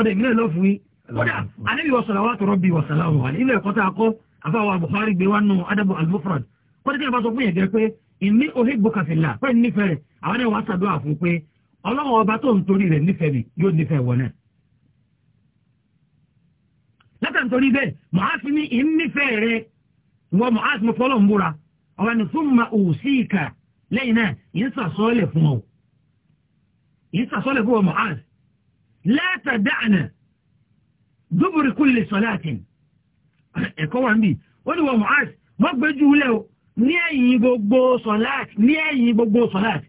ọ̀dà ìmílẹ̀ lọ fún yín kódà ànábì salawatu rabbi wa salamu alayhi ilé ẹ̀kọ́ tá a kọ́ àfàwọn Bukhari gbé wánú adabu al-mufrad kódà kí n bá sọ fún yẹn gẹ pé inni uhibbuka fillah pé nífẹ̀ẹ́ rẹ̀ àwọn ẹ̀ wá sàdúrà fún pé ọlọ́wọ́ ọba tó ń torí rẹ̀ nífẹ̀ẹ́ mi yóò nífẹ̀ẹ́ wọ náà látàntorí bẹ́ẹ̀ mọ̀ á fi ní ìnífẹ̀ẹ́ rẹ̀ wọ mọ̀ á fi mọ̀ fọlọ́ ń búra ọba ní súnmọ́ òsíìkà lẹ́yìn náà yìí ń sàsọ́ọ̀lẹ̀ fún ọ yìí ń sàsọ́ọ̀lẹ̀ fún ọ Mu'az láta dáàna dúbùrì kúlẹ̀ sọ́láàtìn ẹ̀kọ́ wa ń bì ó ní wọ Mu'az wọ́n gbé jù lẹ́ o ní ẹ̀yìn gbogbo sọ́láàtì ní ẹ̀yìn gbogbo sọ́láàtì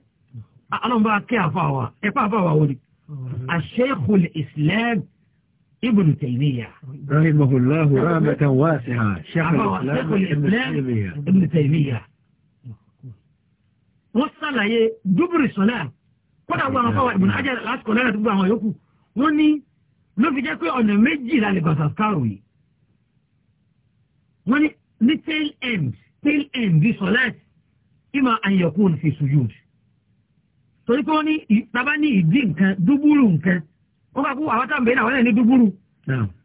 alọ́nba kí àfa wa ẹ̀pá àfa wa wọlé àṣẹ́kùlẹ̀ Ibn Taymiyyah. Rahimahullahu rahmatan wasi'a. Ibn Taymiyyah. Wọ́n sàlàyé dúbùrì sọ́lá. Kọ́dà gbọ́ àwọn fáwọn Ibn Hajar lásìkò náà tó gbọ́ àwọn yòókù. Wọ́n ní ló fi jẹ́ pé ọ̀nà méjì la lè gbàsà kárò yìí. Wọ́n ní ní tail end tail end bí sọ́lá ìmọ̀ àyẹ̀kùn fi sùjúd. Torí pé wọ́n ní tàbá ní ìdí nǹkan dúbùrù nǹkan wọ́n kà kú àwọn tá à ń bẹ̀rẹ̀ àwọn ẹ̀ ní dúgbúrú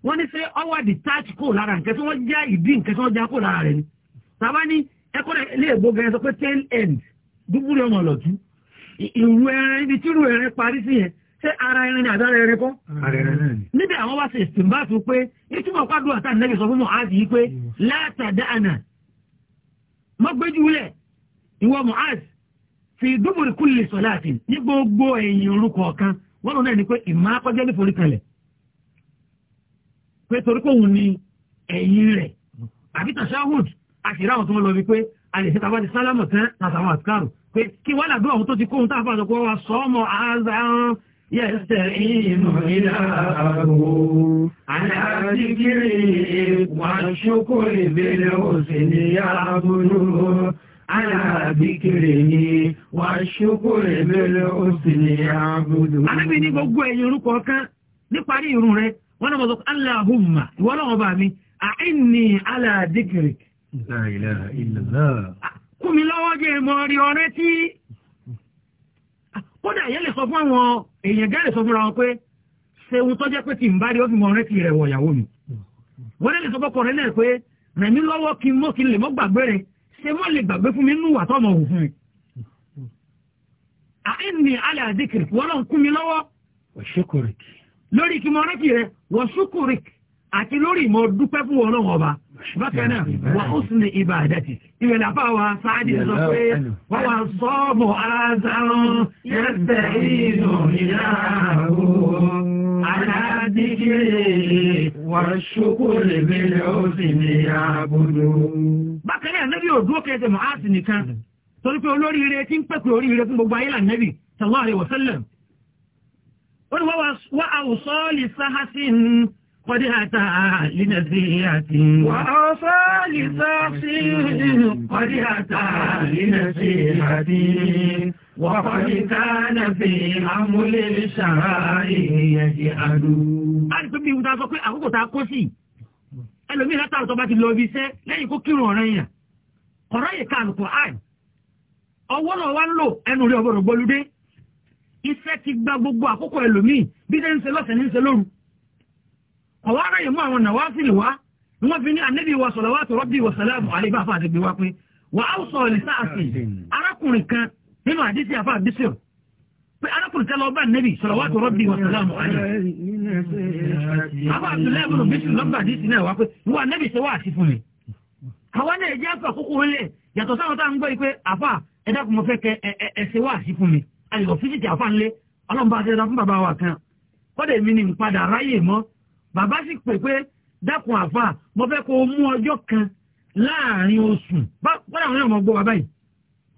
wọ́n ní sẹ́ ọwọ́ detach kò lára nǹkan tí wọ́n já ìdí nǹkan tí wọ́n já kò lára rẹ̀ ni tàbá ní ẹkọ́ rẹ̀ ilé ègbò gẹ̀rẹ́ sọ pé tail end dúgbúrú ọmọ ọ̀lọ́tú ìrù ẹran ibi tírù ẹran parí sí yẹn ṣé ara ẹran ni àdára ẹran kọ́ níbi àwọn wá sí ìsìnbá tó pé ìtumọ̀ pàdó àtà nẹ́bí sọ fún Mu'adh yìí pé látàdá àná mọ́ gbẹ́júlẹ̀ ìwọ Mu'adh fi dúbùrù kulli salatin ní gbogbo ẹ̀yìn orúkọ kan wọ́n lò náà ni pé ìmọ̀ akọ́jẹ́ ní forí kalẹ̀ pé torí pé òun ni ẹ̀yìn rẹ̀ àbí tashahud àṣírí àwọn tó ń lọ wípé a lè ṣe tàbá ti sálámù tán àtàwọn àtikárù pé kí wọ́n làdúrà àwọn tó ti kóhun táàfà àtọkọ wa sọ ọmọ àázà ń yẹsẹ̀ inú ilá àbò àdájíkiri wàṣókò ìbílẹ̀ òsì ni àbúrò على ذكره والشكر بالحسن يعبده Ànábì ní gbogbo ẹ̀yin orúkọ kan níparí ìrun rẹ̀ wọ́n náà mọ̀ sọ́kọ́ Allahumma ìwọ náà ọba mi àìní ala dhikrik. La ilaha illallah. Ah, Kún mi lọ́wọ́ jẹ́ ìmọ̀ rí ọ̀rẹ́ tí ah, kódà ìyẹn lè sọ fún àwọn èèyàn gẹ́rẹ́ sọ fúnra wọn pé ṣe ohun tó jẹ́ pé tí ń bá rí ó ọ̀rẹ́ tí rẹ̀ wọ̀ ìyàwó mi. Wọ́n lè sọ fọ́kọ̀ rẹ̀ náà pé rẹ̀ lọ́wọ́ kí mọ́ kí lè mọ́ gbàgbé rẹ̀ ṣe wọ́n lè gbàgbé fún mi nínú wà tọ́mọ̀ wò fún mi. àìní alẹ́ àdékèrè wọ́n lọ́n kún mi lọ́wọ́. wọ́ṣúkúrìk. lórí kí mo rántí rẹ wọ́ṣúkúrìk àti lórí mo dúpẹ́ fún wọn lọ́wọ́ ọba. bákan náà wà ó sì ní ibà àdàtì. ìwẹ̀ làbá wa sáájì sọ pé wọ́n wà sọ́ọ̀bù azarun yẹ́sẹ̀ ìlú ìyá àgbo. على الذكر والشكر بالحسن يعبد bákan náà nẹ́bí ò dúró kẹsẹ̀ mọ́ áàsì nìkan torí pé olóríire tí ń pẹ̀pẹ̀ oríire fún gbogbo ayé lànẹ́bì sallallahu alaihi wasallam ó ní wá àwùsọ́ lè sáhásí قد أتى لنزيهة وأوصى لصاحب قد وقد كان في حمل الشرائع يجحد a pé bí ìwúta sọ pé àkókò tá a kó sí ẹlòmíì látàrí tó bá ti lọ ibi iṣẹ́ lẹ́yìn kó kírun ọ̀rẹ́ yẹn ọ̀rọ̀ yìí kan kò áì ọwọ́ náà wá ń lò ẹnu rẹ̀ ọ̀bọ̀rọ̀ gbọ́lúdé iṣẹ́ ti gba gbogbo àkókò ẹlòmíì bí ṣe ń ṣe lọ́sẹ̀ ní ṣe lóru ọ̀wọ́ ara mú àwọn nàwa fìlì wá ni wọ́n fi ní anábì wa sọ̀rọ̀ tọ̀rọ̀ bí wọ̀sálàmù àlébàfà nínú àdísí àfa àbísírò pé arákùnrin tẹ́lẹ̀ ọba nẹ́bì sọ̀rọ̀ wá tó rọ́bì wàsálàmù àlè. àbá àbúlé ẹ̀bùn bísí lọ́gbà àdísí náà wá pé wà nẹ́bì ṣe wá àti fún mi. àwa náà ẹ̀jẹ̀ àfà kókó wọlé yàtọ̀ sáwọn tá à ń gbọ́ yìí pé àfà ẹ dákun mo fẹ́ kẹ ẹ ṣe wá àti fún mi. àyọ̀ fíjìtì àfà ńlẹ̀ ọlọ́mọba àti ẹ̀dá fún bàbá wa kan kọ́dà èmi ni padà ráyè mọ́ bàbá sì pè pé dákun àfà mo fẹ́ kó o mú ọjọ́ kan láàrin oṣù bá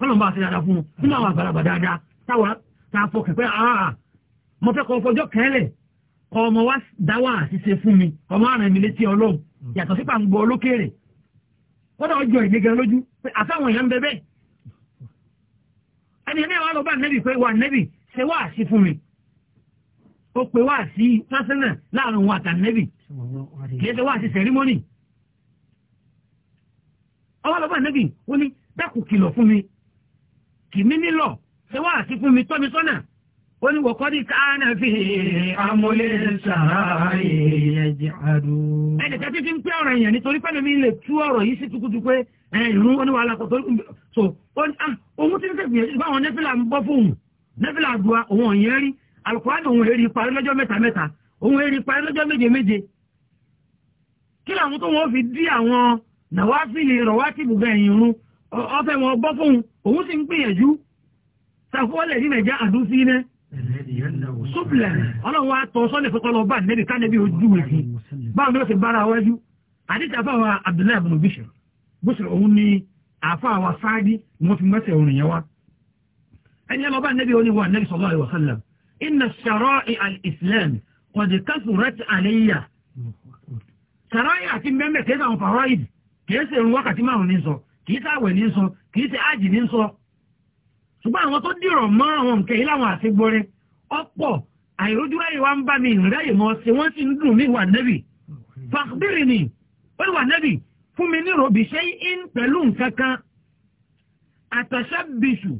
kọ́nà bá ṣe dáadáa fún un nínú àwọn àgbàlagbà dáadáa táwa tá a fọkàn pé àà mo fẹ́ kọ́ fọjọ́ kẹ́lẹ̀ kọ́ ọmọ wa dáwà àṣìṣe fún mi ọmọ àrùn mi létí ọlọ́run yàtọ̀ sípà ń gbọ́ olókèrè kọ́dà ọjọ́ ìgbéga lójú pé àtàwọn èèyàn ń bẹ bẹ́ẹ̀ ẹni ẹni àwọn ọlọ́ba nẹ́bì pé wà nẹ́bì ṣe wá sí fún mi ó pe wá sí lásánà láàrin wọn àtà nẹ́bì kìí ṣe wá sí sẹ̀rímọ́nì ọwọ́ ọlọ́ba nẹ́bì ó ní dákùn kìlọ̀ fún kì mí nílọ ṣé wà á sí fún mi tọ́ mi sọ́nà ó ní wọ́n kọ́ ní káánà fi amúlé sàárè ẹ̀jẹ̀ àdó. ẹnì kan ti fi ń pẹ́ ọ̀rọ̀ so ohun ah, tí ń tẹ̀gbìyànjú báwọn nẹ́fìlà ń bọ́ fóun nẹ́fìlà àdúrà òun ọ̀yẹ́ rí alukóhánì òun èrì parí lọ́jọ́ mẹ́ta mẹ́ta òun èrì parí lọ́jọ́ méje méje kí làwọn tó wọn fi dí àwọn nàwáfíìlì rọ̀wátìbù bẹ́ẹ̀ yìí rún ọ̀fẹ́ wọn bọ́ fóun òun sì ń gbìyànjú sàfọ́lẹ̀ ní nàìjá àdúsí iná ṣúbìlẹ̀ ọlọ́wọ́ àtọ̀ sọ́lẹ̀ fọ́kọ́lọ́ bá nẹ́bì kánẹ́bì ojú ìfì báwọn mẹ́rin sì bára wájú àdíjà fáwọn Abdullahi ibn Bishr Bishr òun ni àfáwọn sáájú ni wọ́n fi mẹ́sẹ̀ orin yẹn wá ẹni ẹlọ́ bá nẹ́bì oníwà nẹ́bì sallallahu alaihi wasallam inna shara'i al-islam qad kathurat alayya ṣàrọ́ àti mẹ́mẹ́ kẹ́sà àwọn fàwọ́ yìí kẹ́sà ìrún wákàtí márùn-ún ní sọ kìí kì í ṣe ájì ní sọ ṣùgbọ́n àwọn tó dìrọ̀ mọ́ àwọn nǹkan yìí láwọn àṣegbọrẹ ọ̀pọ̀ àìrójúráyè wa ń bá mi ìrìnráyè mọ́ ṣe wọ́n sì ń dùn mí wà nẹ́bì fàkbírì ni ó wà nẹ́bì fún mi ní ròbì ṣe ń pẹ̀lú nǹkan kan àtàṣàbìṣù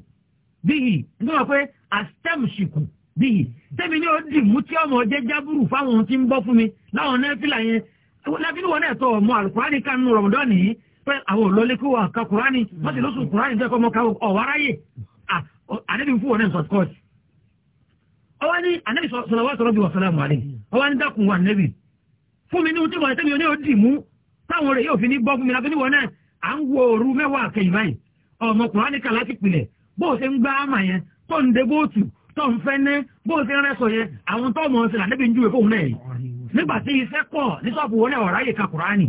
bíyì nígbà wọn pé àṣàmṣìkù bíyì tẹ́mi ní ó dì mú tí ọmọ jẹ́ jábùrù fáwọn ohun tí ń bọ́ fún mi láwọn nẹ́fìlà yẹn láfi níwọ̀n náà tó ọmọ àlùkò pé àwọn olólè kó wà ká kúránì wọ́n ti lóṣù kúránì jẹ́ kọ́mọ ká ọ̀wá ráyè àdébí fún ọ̀nà ìsọ̀ scott ọwọ́ ní ànábì sọ̀rọ̀wọ́ sọ̀rọ̀ bí wàsálà mọ́ àlẹ́ ọwọ́ ní dákun wà nẹ́bì fún mi ní ojú wàlẹ́ tẹ́mi oníyóò dì mú táwọn rẹ̀ yóò fi ní bọ́ fún mi náà à ń wo mẹ́wàá kẹyìn báyìí ọmọ láti bó o ṣe ń gbá àmà yẹn tó ń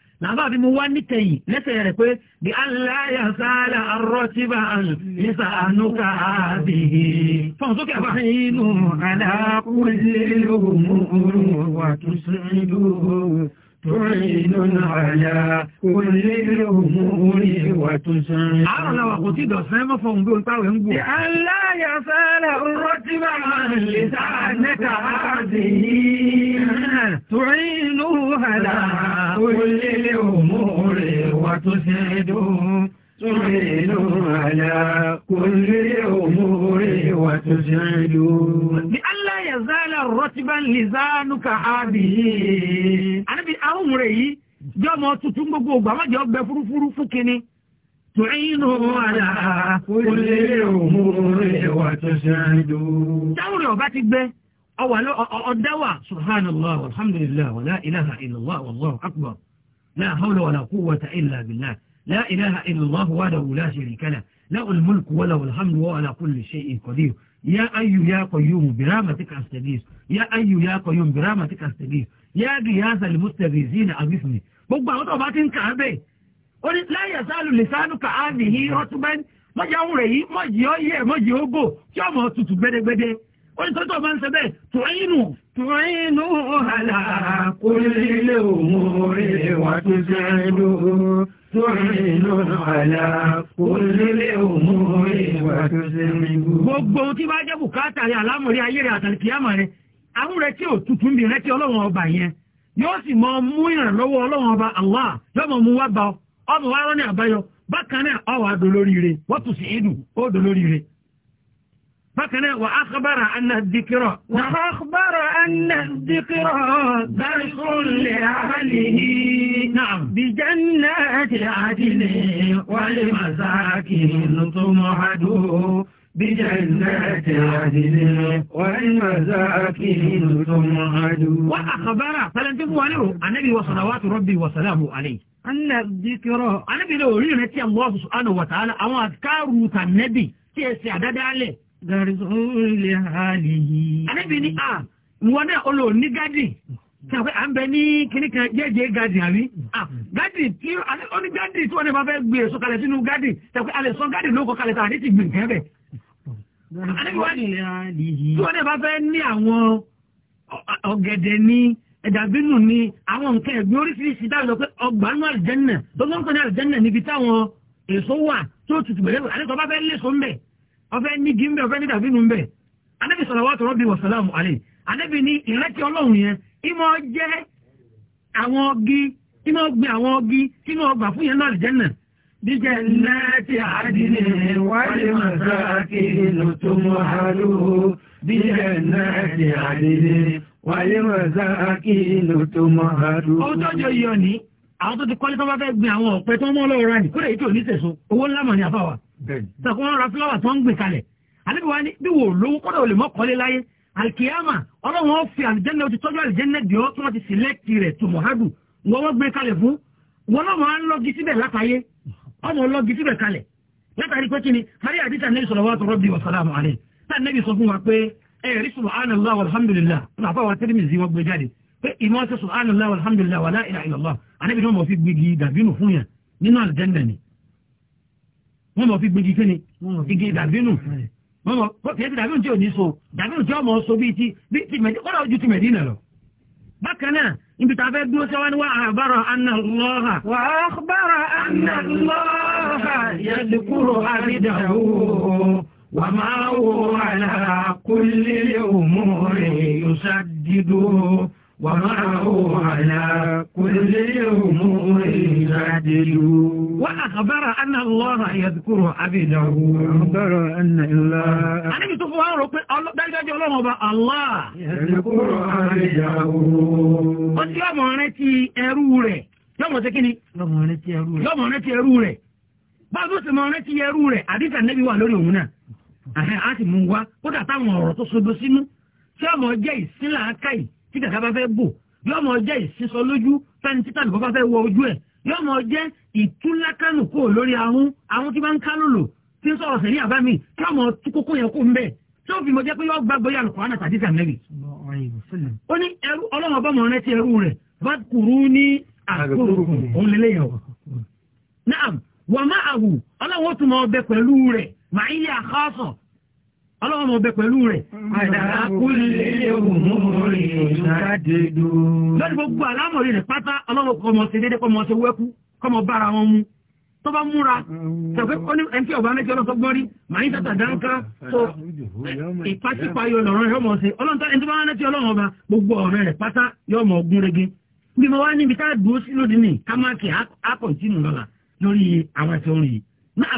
nàbà bí mo wá nítẹ̀yìn lẹ́sẹ̀ rẹ̀ pé bí aláyà sáàlà arọ́tíbà nísà ànúkà àbí fọ́n sókè àbá inú alákùnrin lóòmù orúwà tó sí lóòmù Tòrìnlónà àyà oléròmúrí wà tó sán. Àrùn làwà kò tí dọ̀sán mọ́ fọ́n gbé olùpáwẹ̀ ń gbò. Aláyà fẹ́rẹ̀ rọ́tíbà lè sáà wà tó sán. Tòrìnlónà àyà Ní rọ́tíbá lìzánúkà ábì anábì ahùn rẹ̀ yìí jẹ́ ọmọ tuntun gbogbo ògbà má jẹ́ ọgbẹ fúrufúru fún kínní tùrínú àlà olè òmùrè wà tó ṣáájú. táwọn rẹ̀ ọba ti gbẹ ọ̀dáwà subhanallah alhamdulillah wa la ilaha illallah wallahu akbar la hawla wa la quwwata illa billah la ilaha illallah wa la wula shirikala la ulmulku wa la ulhamdu wa ala kulli shay'in qadir. يا أي يا قيوم برحمتك أستغيث ya أي يا قيوم برحمتك أستغيث يا غياث المستغيثين أغثني gbogbo àwọn tó bá ti ń kà á bẹ́ẹ̀ ó ní láyé sálù lè sánú kà á nìyí rọ́túbẹ́n mọ́jà ń rẹ̀ yìí mọ́jì ó yẹ mọ́jì ó gbò tí ó mọ̀ tutù gbẹdẹgbẹdẹ ó ní tọ́tọ̀ máa ń ṣe bẹ́ẹ̀ tùrẹ́yìnù. tùrẹ́yìnù hàlà kólélé òun orí wa tó ṣe é lóhùn. Gbogbo tí bá jẹ́ bùkátà rẹ̀ alámọ̀rí ayé rẹ̀ àtàlìkìyàmọ̀ rẹ̀, àwọn rẹ̀ tí ò tutù ń bì rẹ̀ tí ọlọ́run ọba yẹn, yóò sì mọ mú ìrànlọ́wọ́ ọlọ́run ọba Allah, yóò mọ mú wá bá ọmọ wa rán ní àbáyọ, bákan náà ọwà dolóríire, wọ́n tún sí ìdù, ó dolóríire. فكنا وأخبر أن الذكرى نعم. وأخبر أن الذكرى بشر لأهله نعم بجنات عدن ولمساكن تمهدون بجنات عدن والمساكين تمهدون وأخبر فلن تبوا له النبي وصلوات ربي وسلامه عليه أن الذكرى النبي لو رينا الله سبحانه وتعالى أما أذكاره متنبي تيسي عدد عليه gàrísọ ilé àlè yìí. àníbi ni a ah, wọn náà ó lò ní gádìn sàpé à ń bẹ ní kíní kan jẹ́jẹ́ gádìn àbí. Ah, gádìn tí ó ní gádìn tí wọ́n ní bá fẹ́ gbé èso kalẹ̀ sínú gádìn sàpé alẹ́ sọ gádìn ló kọ kalẹ̀ sàpé àti gbìn kẹ́ bẹ̀. àníbi wọn tí wọ́n ní bá fẹ́ ní àwọn ọ̀gẹ̀dẹ̀ ní ẹ̀dàbínú ní nǹkan ẹ̀gbìn oríṣiríṣi dáhùn pé ọgbàánú àlìjẹ́nà tó ló ń pè ní àlìjẹ́nà níbi táwọn èso wà tó tutù bẹ̀rẹ̀ àlẹ́ bá fẹ́ léso ń bẹ̀ ọfẹ́ ní gí ń bẹ̀ ọfẹ́ ní dàbínú ń bẹ̀ anábì salawatu rabbi wa salamu alayhi anábì ní ìrètí ọlọ́run yẹn ìmọ̀ jẹ́ àwọn ọgí ìmọ̀ gbé àwọn ọgí tí mọ̀ gbà fún yẹn náà àlìjẹ́nà Bíjẹ́ láti àdínì wáyé màsáàkì ló tó mọ́ àlúhù. Bíjẹ́ láti àdínì wáyé màsáàkì ló tó mọ́ àlúhù. Ó tọ́jọ́ yọ ní àwọn tó ti kọ́lé tó bá fẹ́ gbin àwọn ọ̀pẹ tó mọ́ lọ́wọ́ rani kódà ètò oníṣẹ̀ṣọ owó ńlá mọ̀ ní àfáwà sọ̀kọ́ wọn ra fúláwà tó ń gbìn kalẹ̀ àdébí wa ní bí wò lówó kódà ò lè mọ́ kọ́lé láyé alikiyama ọlọ́run ó fi àlìjẹ́nà ó ti tọ́jú àlìjẹ́nà dì ọ́ tí wọ́n ti sílẹ̀kì rẹ̀ tó mọ̀hádù wọ́n wọ́n gbé kalẹ̀ fún wọn náà máa ń lọ́gi síbẹ̀ látàyé ọmọ lọ́gi síbẹ̀ kalẹ̀ látàrí pé kíni kárí àdìsá nẹ́bí tá nẹ́bí sọ fún wa pé ẹ̀rí subhanallah walhamdulillah náà fáwọn tẹ́lẹ̀mì sí wọn gbé jáde إيمانك سبحان الله والحمد لله ولا إله إلا الله أنا بيجون موفي بيجي دابينو فويا من نار الجنة ني مو موفي بيجي كني بيجي دابينو مو مو كيف بيجي دابينو جو نيسو دابينو جو مو سو بيتي بيتي مدي ولا وجو تي مدينة لو بكنا إن بتعرف بنو سوان وأخبر أن الله وأخبر أن الله يذكر عبده وما هو على كل الأمور يسدده ومعه على كل يوم يجادل وأخبر أن الله يذكر عبده أخبر أن الله أنا كنت فهمت الله دارك جلوم أبا الله يذكر عبده قد يوم أنتي أروري يوم أتكني يوم أنتي أروري يوم أنتي أروري báwo sì mọ ọrẹ ti yẹ ẹrú rẹ àdìsá nẹbí wà lórí òun náà àti mú wa kódà táwọn ọ̀rọ̀ tó sodo sínú tí ọmọ jẹ ìsínlá káyìí tí kàkà bá fẹ́ bò yóò mọ jẹ́ ìsísọ lójú fẹ́ni títà lùkọ́ bá fẹ́ wọ ojú ẹ̀ yóò mọ jẹ́ ìtúlákánù kò lórí ahun ahun tí bá ń ká lòlò tí ń sọ̀rọ̀ sẹ̀rí àbá mi kí ọmọ tú kókó yẹn kó ń bẹ̀ tí ó fi mọ jẹ́ pé yóò gbàgbọ́ yà lùkọ́ àná tàbí sàmẹ́rì. ó ní ẹrú ọlọ́run ọba mọ̀ rántí ẹrú rẹ̀ bá kúrú ní àkókò òun lélẹ́yìn ọ̀ ọlọ́run ọbẹ̀ pẹ̀lú rẹ̀ lọ́dí gbogbo alámọ̀rí rẹ̀ pátá ọlọ́run kọmọ sí dédé kọmọ sí wẹ́kú kọmọ bára wọn mú tó bá múra tẹ̀wé ẹnkí ọba mẹ́kí ọlọ́sọ gbọ́rí màá ní tàtà dáńká tó ìpásípayọ lọ́rọ̀ yọmọ sí ọlọ́run tó ẹni tó bá wọn lẹ́tí ọlọ́run ọba gbogbo ọ̀rẹ́ rẹ̀ pátá yọmọ ogun rege bí mo wá níbi tá a dúró sí lóde ní kámákì á kọ̀ọ̀tì nù lọ́la lórí àwọn ẹ̀sẹ̀ orin yìí náà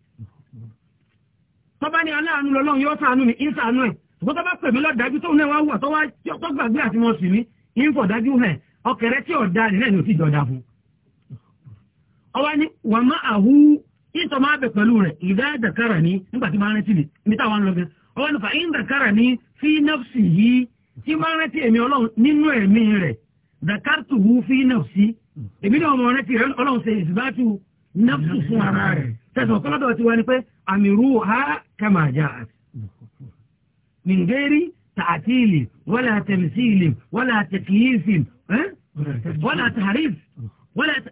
tó bá ní aláàánú lọ́lọ́run yóò sàánú mi ìsàánú ẹ̀ ṣùgbọ́n tó bá pè mí lọ́dájú tó náà wá wà tó wá tó gbàgbé àti wọn sì mí tí ò da nílẹ̀ ní òsì ìjọba fún. ọwá wà má àhú máa bẹ̀ pẹ̀lú rẹ̀ ìdá ní nígbà tí máa rántí mi táwa ń lọ ọwá ní fi nọ́ọ̀sì yìí tí máa rántí èmi ọlọ́run nínú ẹ̀mí rẹ̀ أمروها كما جاءت من غير تعتيل ولا تمثيل ولا تكييف ولا تحريف ولا ت...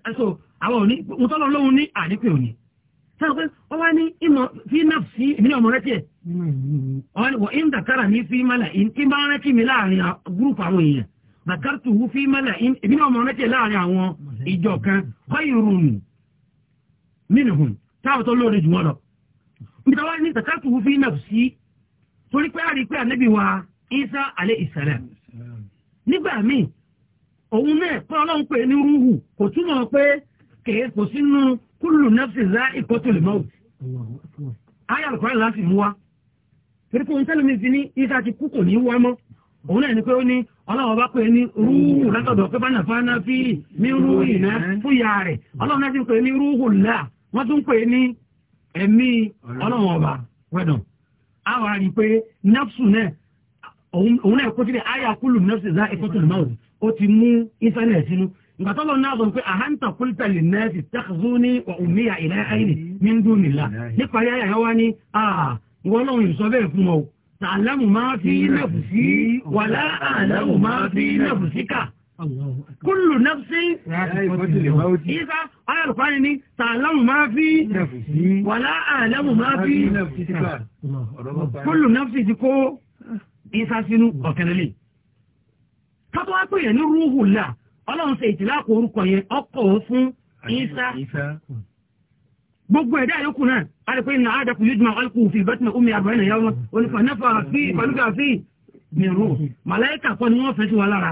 àwọn òní mutọ́lọ̀ lóhun ní àdípẹ́ òní sọ pé ó wá ní ìmọ̀ fi nafsi ìmìnira ọmọ rẹ tiẹ̀ wọ́n in dakara ní fi mala in tí bá rántí mi láàrin gúrùpù àwọn èèyàn dakartu hu fi mala in ìmìnira ọmọ rẹ láàrin àwọn ìjọ kan kọ́ ìrùn mínú níta wá ní tàtàkù fi nàfsí torí pé àrí pé ànábì wa Isa alayhi salam nígbà míì òun náà pé ọlọ́run pè ní rúhù kò túmọ̀ pé kèé kò sínú kúlù nafsi za'iqatul maut ayé àlùkọ́rẹ́ láti mú wa torí pé òun tẹ́lẹ̀ mi fi Isa ti kú kò ní wá mọ́ òun náà ni pé ó ní ọlọ́run bá pè ní rúhù látọ̀dọ̀ pé bánà fáná fi mí rúhù ìná fúyà rẹ̀ ọlọ́run náà ti pè ní rúhù là wọ́n tún pè ní ẹ̀mí ọlọ́wọ́n ọba wẹ̀dọ̀ a wà rí i pé nafsu náà òun náà kó sílẹ̀ àyà kúlù nafsu zá ẹ̀kọ́ tó lè máa wò ó ti mú íńtánẹ̀tì sínú nǹkan tó lọ náà sọ pé àhántà kúlítà lè nẹ́ẹ̀sì tẹ́kazú ní òmíyà ìlà ayé ní ndú nìlá nípa yáyà yẹn wá ní wọn náà yìí kúlù nafsi ìsá ayọ̀lùkwáni ní tààlàmù máa fi wàlá àlàmù máa fi kúlù nafsi ti kó ìsá sínú ọ̀kẹ́lẹ́lẹ́ kátó wá pèèyàn ní rúhù là ọlọ́run ṣe ìtìláàkó orúkọ yẹn ọkọ̀ fún ìsá gbogbo ẹ̀dá yòókù náà alẹ́pẹ́ iná àdàkù yóò jùmọ̀ alẹ́kù fi bẹ́tìmọ̀ omi àbẹ̀rẹ̀ yàwó onífà náfà fi ìfàlúgà fi mìíràn màláìkà kọ́ ni wọ́n fẹ́ sí wa lára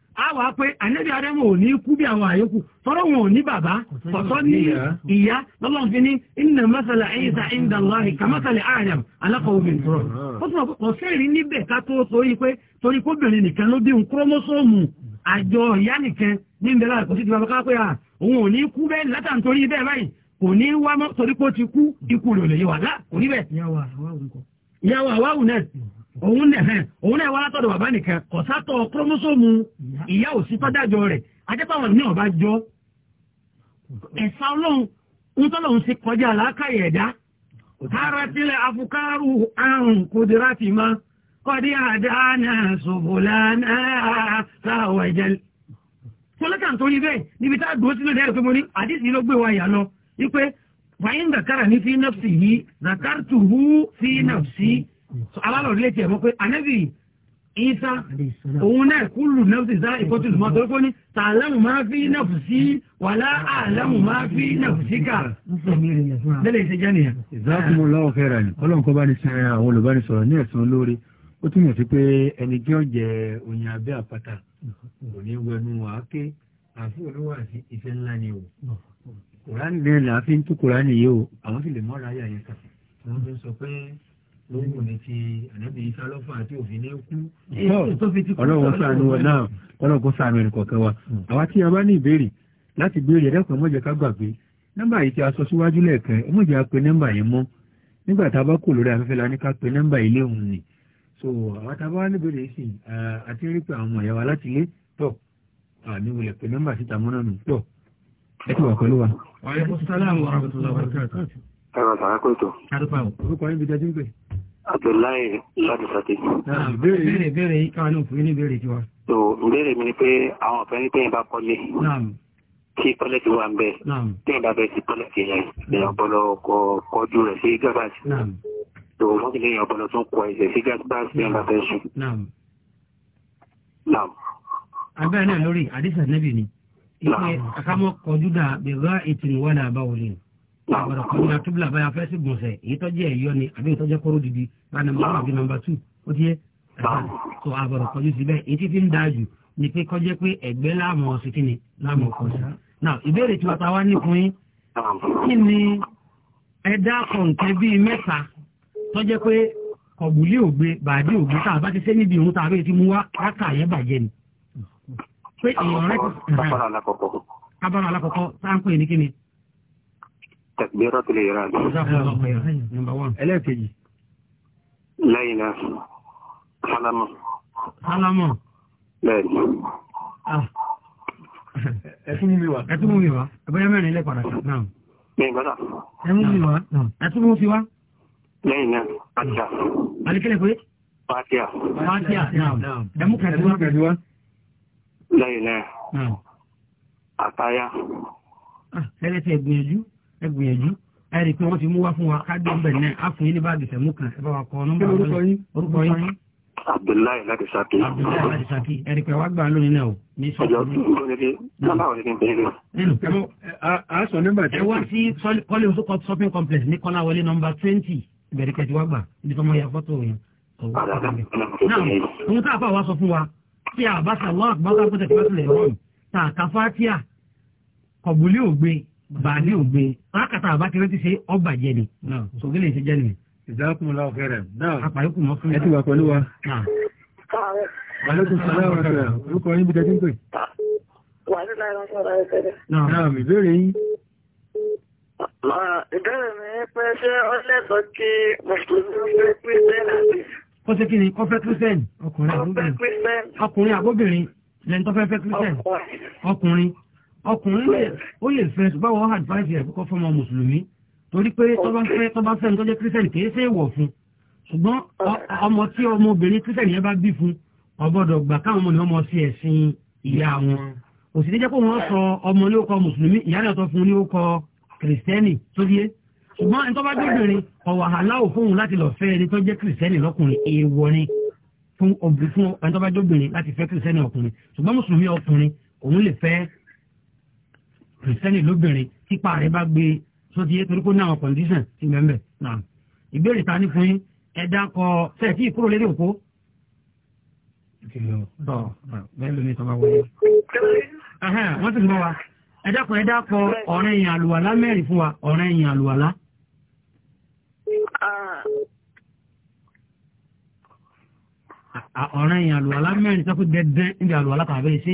awa pe pé ànẹ́bí adẹ́mọ̀ ò ní kú bí àwọn àyókù tọ́rọ wọn ò ní bàbá kọ̀tọ́ ní ìyá ní masala Isa masala Adam alákọ̀ọ́ omi tọ́rọ ó tún níbẹ̀ ká tó pé torí nìkan ló bí àjọ ìyá nìkan ní ìbẹ̀rẹ̀ àkọ́ sí ti bàbá à òun ò ní bẹ́ẹ̀ bẹ́ẹ̀ báyìí kò ní wá torí òun nẹ̀hẹ́ òun náà wá látọ̀dọ̀ bàbá nìkan kọ̀sátọ̀ kúrómọ́sọ́mù ìyá òsì tọ́jájọ rẹ̀ ajẹ́pàwọ̀ ní ọ̀bá jọ ẹ̀sà ọlọ́run ń tọ́lọ́run sí kọjá làákàyè ẹ̀dá ara afukaru àrùn kòdìrátì ma kọ́dí àdáná ṣòbòlánà sáwọ̀ ẹ̀jẹ̀ alálọ̀ ilé tiẹ̀ mọ́ pé ànábì isa òun náà kúlù nẹ́fùsì sá ìkọ́tùlù mọ́ torí pé ní tààlẹ́mù máa fi nẹ́fùsì wàlá àlẹ́mù máa fi nẹ́fùsì kà lẹ́lẹ̀ ìṣẹ́jẹ́ nìyẹn. ìzáàkùnmọ́ lọ́wọ́ fẹ́ rà ní ọlọ́run kọ́ bá ní sin àwọn olùbánisọ̀rọ̀ ní ẹ̀sán lórí ó túmọ̀ sí pé ẹni tí ó oyin abẹ́ àpáta kò ní wẹnu àáké àfi olówó àti iṣẹ́ ńlá ni o kùránì lè là á fi ń tú kùránì yìí o àwọn sì lè mọ́ra ayé àyẹ̀ká wọ́n fi ń sọ pé lóhùn ní ti ànábì isa lọ́fà àti òfin ní kú. ọlọ́run sànù wọn náà ọlọ́run kò sànù ẹnì kọ̀ọ̀kan wa àwa tí a bá ní ìbéèrè láti béèrè ẹ̀dẹ́kun mọ̀jẹ̀ ká gbàgbé nọ́mbà yìí tí a sọ síwájú lẹ́ẹ̀kan mọ̀jẹ̀ á pe nọ́mbà yẹn mọ́ nígbà tá a bá kò lórí afẹ́fẹ́ la ní ká pe nọ́mbà ilé òun ni so àwa tá a bá ní ìbéèrè sí àti rí pé àwọn ọ̀yà wa láti lé tọ̀ àní wọlé pe nọ́mbà síta mọ́ náà nù tọ̀ ẹ ti wà pẹ̀lú wa. ọ̀rẹ́ mọ́sálàmù ọ̀rọ̀ Abdullahi láti sọ́tí. Ah, béèrè béèrè yìí káwọn náà fún ní béèrè jù wa. So, béèrè mi ni pé àwọn ọ̀fẹ́ ní pẹ́yìn bá kọ́lé. Kí kọ́lé ti wà ń bẹ̀. Pẹ́yìn bá bẹ̀ sí kọ́lé ti yẹn. Lẹ́yìn ọ̀pọ̀lọ kọjú rẹ̀ sí Gabas. So, wọ́n ti lẹ́yìn ọ̀pọ̀lọ tún kọ ẹ̀sẹ̀ sí Gabas lẹ́yìn bá fẹ́ sùn. Abẹ́rẹ́ náà lórí Adisa Nẹ́bì ni. Ìpè àkámọ́ kọjú dà bẹ̀rẹ̀ ètò ìwádà àbáwọlé àgbàdo kan ní atúbìlà báyà fẹ́ sí gbọ̀nsẹ̀ èyí tọ́jú ẹ̀yọ́ ni àbí ìtọ́jú kóró dìdí rani mọ́ àbí nọmba tù ó ti yẹ tó àgbàdo kọjú síbẹ̀ etí ti ń da jù ni pé kọjá pé ẹ̀gbẹ́ láàmú ọ̀sìn kí ni láàmú ọkọ̀ sí. náà ìbéèrè tí wàtá wá nìkún yín kí ni ẹ̀dá kọ̀ǹkẹ́ bíi mẹ́ta tọ́jẹ́ pé kọ̀bùlé ògbé bàdí ògbé tá a bá ti ṣe níbi òun tá ti mú wá káàkà yẹn bàjẹ́ ni. pé èèyàn rẹ ti sọ̀rọ̀ abala alákọ̀ọ́kọ́ tá ní kí ni تكبيرة الإيراد ẹlẹ́ẹ̀kejì lẹ́yìn náà sálámọ̀ sálámọ̀ lẹ́yìn ẹ̀tún mi wá ẹ̀tún mi wá ẹgbẹ́ mẹ́rin ilẹ̀ padà náà lẹ́yìn bọ́dà ẹ̀mú mi wá ẹ̀tún mi wá lẹ́yìn náà pàtíà alikẹ́lẹ̀ pé pàtíà pàtíà náà ẹ̀mú kẹ̀dùwá lẹ́yìn náà àtáyà ẹlẹ́tẹ̀ gbìyànjú ẹ gbìyànjú ẹ rí i pé wọ́n ti mú wá fún wa káàdì ọbẹ̀ náà á fún yín ní báàgì sẹ̀mú kan ẹ bá wa kọ nọ́mbà orúkọ yín orúkọ yín. Abdullahi láti Ṣakí. Abdullahi láti Ṣakí. Ẹ̀rì pẹ̀ wá gbà lónìí náà o. Ẹjọ́ tó ní kí nọ́mbà òní kí n bẹ̀rẹ̀ lọ. A sọ nígbà tí. Ẹ wá sí Kọ́lé Osokọ shopping complex ní Kọ́láwọlé nọ́mbà twenty ìbẹ̀rẹ̀ kẹ̀tì wá gbà ibi tó mọ ya fọ́tò yẹn. Náà òun tá a fà wá sọ fún wa tí a bá sàlọ́ àgbáwá pẹ̀tẹ̀kẹ́tẹ̀ lẹ̀ rọrùn tà káfátíà kọ̀bùlé ògbé bàálì ògbé rákàtà àbákẹ́rẹ́ ti ṣe ọgbà jẹ ni sògìlì ṣe jẹ ni. ìdákùnlá ọ̀fẹ́rẹ̀ náà apàyókùn mọ́ fún ẹ ti wà pẹ̀lú wa. Àlékún sọ́lá ọ̀rọ̀ rẹ̀ orúkọ yín bí tẹ́tí ń pè. Wà ní láìra sọ́ra ẹsẹ̀ rẹ̀. Náà mi béèrè yín. Ìbéèrè mi ni pé ṣé ó lẹ́tọ̀ọ́ kí Mùsùlùmí fẹ́ Kírísítẹ́nì àti. ṣe kí ni kó fẹ́ Kírísítẹ́nì? Ọkùnrin àbóbìnrin. Ọkùnrin àbóbìnrin lẹ́ni ọkùnrin ó lè fẹ́ ṣùgbọ́n wọ́n hàn fáìfì ẹ̀ kọ́kọ́ fọmọ mùsùlùmí torí pé tọ́ba fẹ́ tọ́ba fẹ́ nítorí kírísẹ̀nì kì í ṣe wọ̀ fún ṣùgbọ́n ọmọ tí ọmọbìnrin kírísẹ̀nì yẹn bá bí fún ọgbọ́dọ̀ gbà káwọn ọmọ ni ọmọ sí ẹ̀sìn ìyá wọn kò sì ní jẹ́ pé wọ́n sọ ọmọ ní orúkọ mùsùlùmí ìyá náà tó fún ní orúkọ kìrìsìtẹ́nì tó yé ṣùgbọ́n ẹni tó bá dóbìnrin ọ̀wà aláwò fóun láti lọ fẹ́ ẹni tó jẹ́ kìrìsìtẹ́nì lọ́kùnrin èèwọ̀ ni fún ẹni tó bá dóbìnrin láti fẹ́ kìrìsìtẹ́nì ọkùnrin ṣùgbọ́n mùsùlùmí ọkùnrin òun lè fẹ́ kìrìsìtẹ́nì lóbìnrin típa rẹ̀ bá gbé sóti yé torí kó ní àwọn kọ̀ǹdíṣàn ti mẹ́mẹ́ náà ìbéèrè ta ni fún yín ẹ̀dá kọ sẹ́ẹ̀tì ìkúrò lédè òkú. wọ́n ti gbọ́ wa ẹ̀dá kọ ẹ̀dá kọ ọ̀rẹ́ ìyàn àlùwàlá mẹ́rin fún wa ọ̀rẹ́ ìyàn àlùwàlá. Ah. ọ̀rẹ́ ìyàn àlùwàlá mẹ́rin sọ́kù dẹ́dẹ́ níbi àlùwàlá kàwé sí.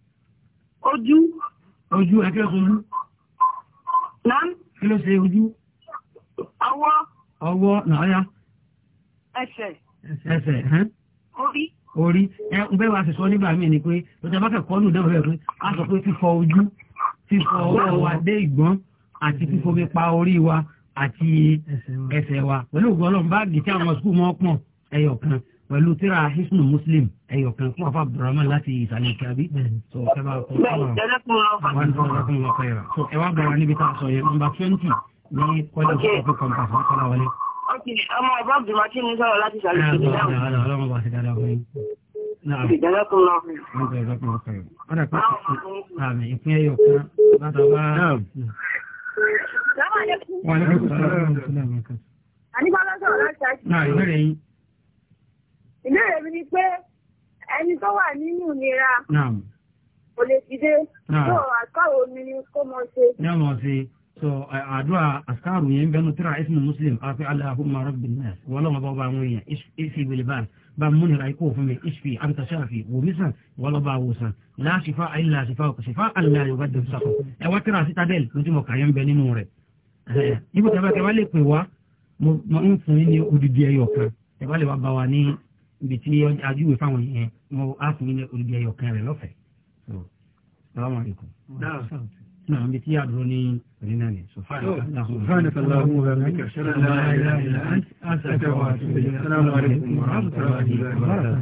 ojú ojú ẹ̀kẹ́ ojú náà kí ló ṣe ojú ọwọ́ ọwọ́ nàáyá ẹsẹ̀ ẹsẹ̀ orí orí ẹgbẹ́ wa sì sọ nígbà míì ni pé lọ́jọ́ bá kẹ́kọ̀ọ́ nù dẹ́wọ̀ bẹ́ẹ̀ pé a sọ pé fífọ ojú fífọ ọwọ́ wa dé ìgbọ́n àti fífomi pa orí wa àti ẹsẹ̀ wa pẹ̀lú ògbọ́n ọlọ́run báàgì tí àwọn sùkúù mọ́ pọ̀n ẹyọ kan pẹ̀lú tíra hisnu muslim ẹ̀yọ̀kan fún afa abdulrahman láti ìsàlẹ̀ kíabi. so ẹ bá kọ́ ọ́ wà ní ọkùnrin ọkọ yẹn. so ẹ wá gbọ́ wa níbi tá a sọ yẹn nọmba twenty ní college of the compass wọn kọ́lá wọlé. ọmọ ọba abdulmaki ń sọ̀rọ̀ láti ìsàlẹ̀ kíabi náà. ọlọ́run bá ti dáadáa fún yín. Wọ́n ní kí n sọ̀rọ̀ láti ṣáájú. Náà ìbéèrè yín ìbéèrè mi ni pé ẹni tó wà nínú ìnira kò lè dìde tó àkàrò mi ni kó mọ ṣe. yóò mọ ṣe so àdúrà àkàrò yẹn bẹnu tíra ismu muslim àfi allahumma rabbin nas wọlọ́mọ bá bá àwọn èèyàn ìfi bilibal bá múnira ikú fún mi ìfi anta shafi wòmísàn wọlọ́ba àwòsàn láṣìfà àìlà ṣìfà ṣìfà àlà yorùbá dẹ̀ sàkó ẹ wá tíra citadel lójúmọ̀ kàyọ̀ ń bẹ nínú rẹ̀ ibùdó àbẹ̀kẹ́ wá lè pè wá mo ń fún yín ní odidi ẹyọ kan ẹ bá lè wá bí ti ajúwe fáwọn yẹn mo áfún yín ní olùdí ẹyọ kan rẹ lọfẹ salamu aleykum. naa bí ti aduro ní ìrìn náà ni. sufaani sallahu alayhi wa sallam.